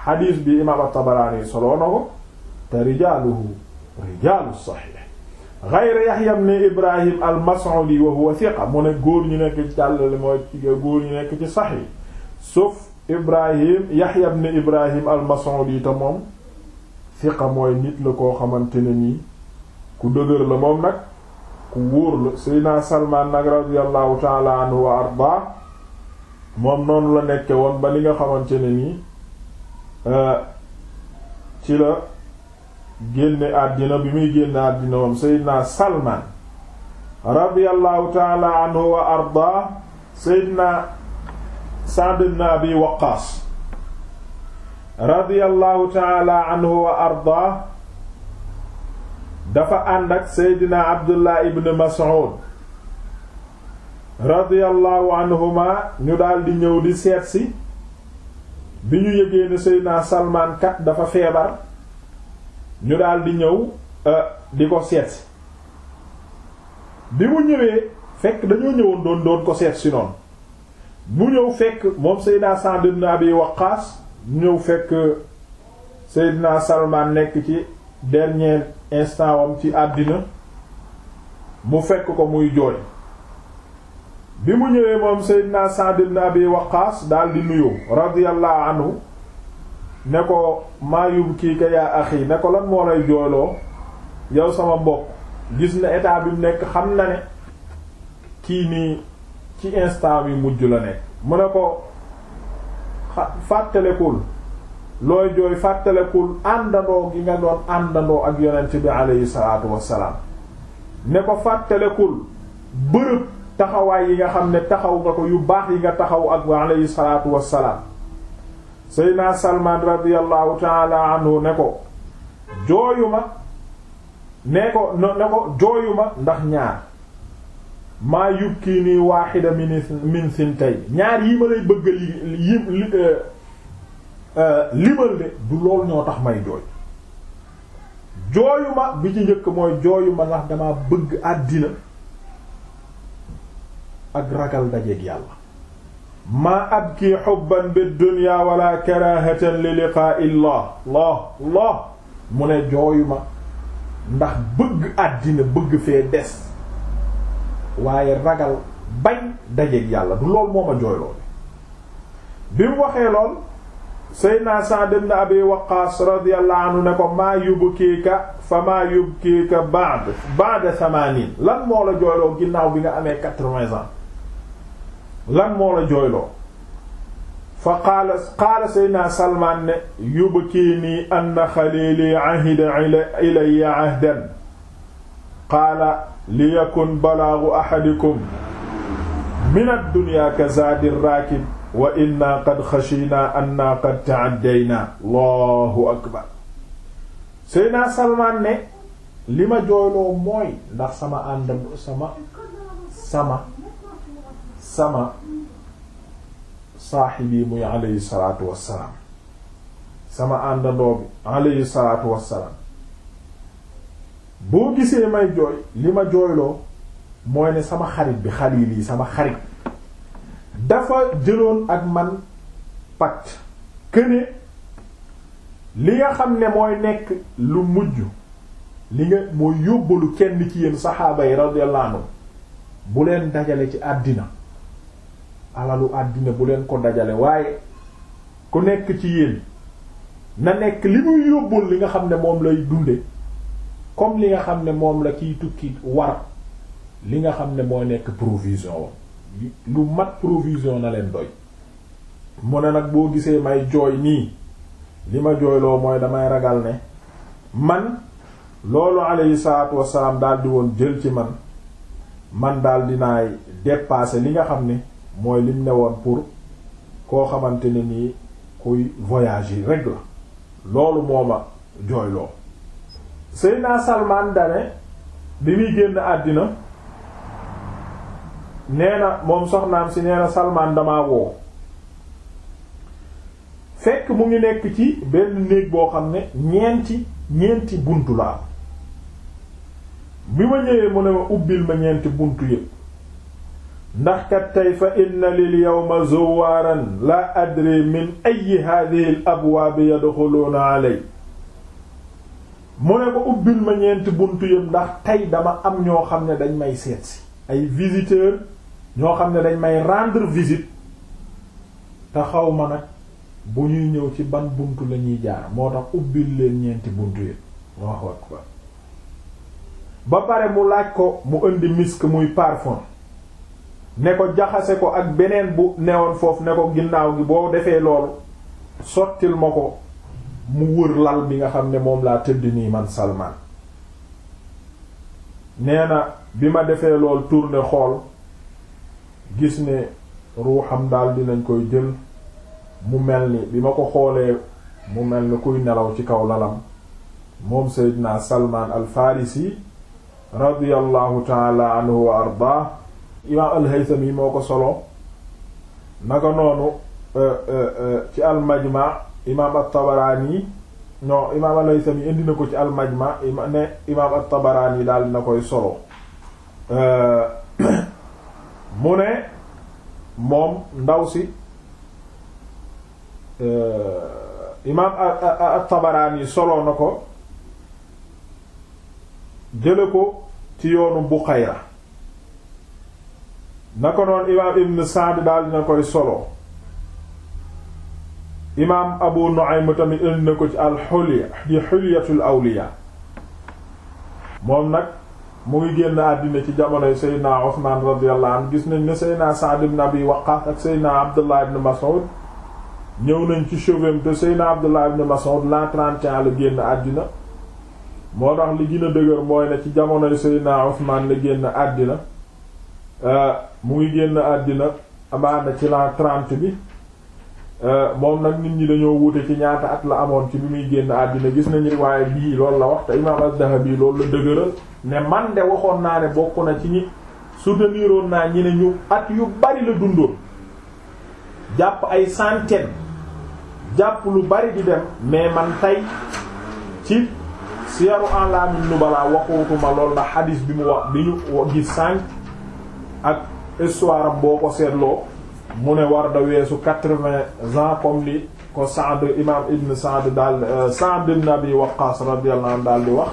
xadiis bi imaam at-Tabaraani soloo na te rijaaluhu rijaalu saxiix gayra Yaxya ibn Ibrahim al-Mas'udi wa huwa thiqa mu ne góor ñu nekk ci càllale mooy góor ñu nekk ci saxiix sauf Ibrahim Yaxya ibn Ibrahim al-Mas'udi te moom thiqa mooy nit la koo xamante ne nii ku dëgër la moom nag ku wóor la Seydina Salmaan nag radiyallahu ta'ala anhu wa moom noonu la nekke woon ba li nga xamante ne nii Euh, ci la génne àddina bi muy génne àddina moom seydina salman radiallahu taala wa arda seydina Sa'd ibn Abi radiallahu taala wa arda dafa ànd ak seydina Abdullah ibn Mas'ud radiallahu anhuma ñu daldi ñëw di seetsi bi ñu yëgee ne Seydina Salman kat dafa feebar ñu daal di ñëw euh, di ko seetsi bi mu ñëwee fekk dañoo ñëwoon doon doon ko seet si noonu bu ñëw fekk moom Seydina Sa'd ibn Abi Waqqas ñëw fekk Seydina Salman nekk ci dernier instant wam ci àddina mu fekk ko muy jooy bi mu ñëwee moom Seydina Sa'd ibn Abi Waqqas daal di nuyu radiyallahu anhu ne ko maa yubkiika yaa axi ne ko lan moo lay jooyloo yow sama mbokk gis na état bi nekk xam na ne kii nii ci instant bi mujj la nekk mu ne ko fàttalekul looy jooy fàttalekul àndandoo gi nga doon àndandoo ak yonent bi aleyhi salaatu wassalaam ne ko fàttalekul bërëb taxawaay yi nga xam ne taxaw nga ko yu baax yi nga taxaw ak alayhi salaatu wassalaam seydna salman radiallahu taala anhu ne ko jooyuma ne ko ne ko jooyuma ndax ñaar maa yukki nii waaxida min min sintay ñaar yi ma lay bëgg li li eh, eh, limal de du lool ñoo tax may jooy jooyuma bi ci njëkk mooy jooyuma ndax dama bëgg àddina ak ragal dajeeg yàlla maa abki xubban biddunya wala karahatan li liqaa'i llah llah llah mu ne jooyuma ndax bëgg àddina bëgg fee des waaye ragal bañ dajeeg yàlla du lool moo ma jooyloo bi mu waxee lool Seydina Sa'd ibn Abi Waqqas radiyallahu ne ko maa yubkiika fa maa yubkiika ba'd ba'da samaaniin lan moo la jooyloo ginnaaw bi nga amee quatre-vingts ans lan moo la jooyloo fa qaala qaala saydna salmaan ne yubkiinii anna xaliili ahida ilayya ahdan qaala liyakun balaagu ahadikum min ad-dunya ka zaadi raakib wa inna qad xashiinaa anna qad ta'addaynaa allahu akbar saydna salmaan ne li ma jooyloo mooy ndax sama àndam sama sama sama saaxib muy alayhi salaatu wassalaam sama àndandoo bi alayhi salaatu wassalaam boo gisee may jooy li ma jooyloo mooy ne sama xarit bi xaliil yi sama xarit dafa jëloon ak man pacte këne li nga xam ne mooy nekk lu mujj li nga mooy yóbbalu kenn ci yéen saxaaba yi radiyallahu anhu bu leen dajale ci àddina alalu àddina bu leen ko dajale waaye ku nekk ci yéen na nekk li muy yóbbul li nga xam ne moom lay dunde comme li nga xam ne moom la kiy tukki war li nga xam ne moo nekk provision wam lu mat provision na leen doy mu ne nag boo gisee may jooy nii li ma jooyloo mooy damay ragal ne man loolu alayhi salaatu wasalaam daal di woon jël ci man man daal dinaay dépasser li nga xam ne mooy lim ne woon pour koo xamante ni nii kuy voyage yi rek la loolu moo ma jooyloo Seydina Salman dane bi muy génn àddina nee moom soxnaam si nee na Salman woo fekk mu ngi nekk ci benn néeg boo xam ne ñeenti ñeenti buntu la am bi ma ñëwee mu ne ma ubbil ma ñeenti buntu yépp ndax kat tey fa inna lil yawma zuwaaran laa adri min ayi haadihi l abwaabi yadxuluuna aley mu ne ko ubbil ma ñeenti buntu yëpp ndax tey dama am ñoo xam ne dañ may seetsi ay visiteurs ñoo xam ne dañ may rendre visite te xaw ma nag bu ñuy ñëw ci ban buntu la ñuy jaar moo tax ubbil leen ñeenti buntu yëpp ba pare mu laaj ko mu indi misk muy parfum ne ko jaxase ko ak beneen bu newoon foofu ne ko ginnaaw gi boo defee lool sottil ma ko mu wër lal bi nga xam ne moom laa tëdd nii man Salmaan nee na bi ma defee lool tourné xool gis ne ruuxam daal lañ koy jël mu mel ni bi ma ko xoolee mu mel ni kuy nelaw ci kaw lalam moom Seydina Salmaan al Farisi radiyallahu taala anhu wa ardaa imaam al-Haythami moo ko solo naka noonu euh, euh, euh, ci al-Majma imaam at-Tabarani non imaam al-Haythami indi na ko ci al-Majma ne imaam at-Tabarani daal na koy solo mu ne moom ndaw si imaam at-Tabarani solo na ko jële ko ci yoonu Buqayra na ko noon imaam ibn Sa'd daal dina koy solo imaam Abu Nu'aym tamit indi ko ci al di Hulyatul Awliya moom nag mu ngi génn àddina ci jamonoy Seydina Usmaan radiyallahu anhu gis nañ ne Seydina Sa'd Abi Waqqas ak Seydina Abdullah ibn Mas'ud ñëw nañ ci chevem te Seydina Abdullah ibn Mas'ud l'an 31 génn àddina moo tax li gën dëgër mooy ne ci jamonoy Seydina Usmaan la génn àddina Euh, mu ngi génn àddina amaana ci la trente bi euh, moom nag nit ñi lañoo wute ci ñaata at la amoon ci bi muy génn àddina gis nañu riwaaye bii loolu la wax te imaam az-Zahabi loolu la dëgërë ne man de waxoon naa ne bokk na ci ñi souteniroon naa ñi ne ñu at yu bari la dundoon jàpp ay centaine jàpp lu bari di dem mais man tey ci Siyaru A'lamin Nubala waxutuma loolu la xadiis bi mu wax bi ñu gis sànq. ak histoire boo ko seetloo mu ne war da weesu quatre-vingts ans comme li ko Saad imaam Ibn Saad daal euh, Saad ibn Abi Waqqas radiyallahu anhu daal di wax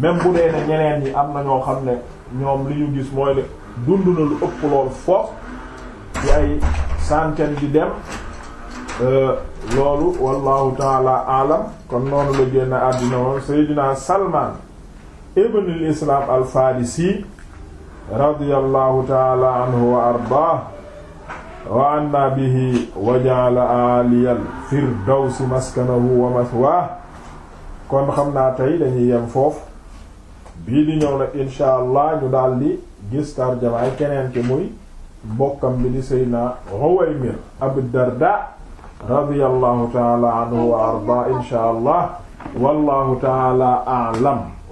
même bu dee ne ñeneen ñi am na ñoo xam ne ñoom li ñu gis mooy ne dund na lu ëpp lool foofu ci ay centaine di dem euh, loolu wallahu taala alam kon noonu la génn àddina woon Seydina Salman ibn islam al-Farisi radiyallahu taala anhu wa ardaah wa anna bihi wa ja'ala aliyal firdawsi maskanahu wa mathwaah kon xam naa tey dañuy yem foofu bii di ñëw nag allah ñu daldi gis tarjamaay keneen ki muy bokkam bi di Seydina Uwaymir Abu Darda radiyallahu taala anhu wa ardaa insha allah wallahu taala a'lam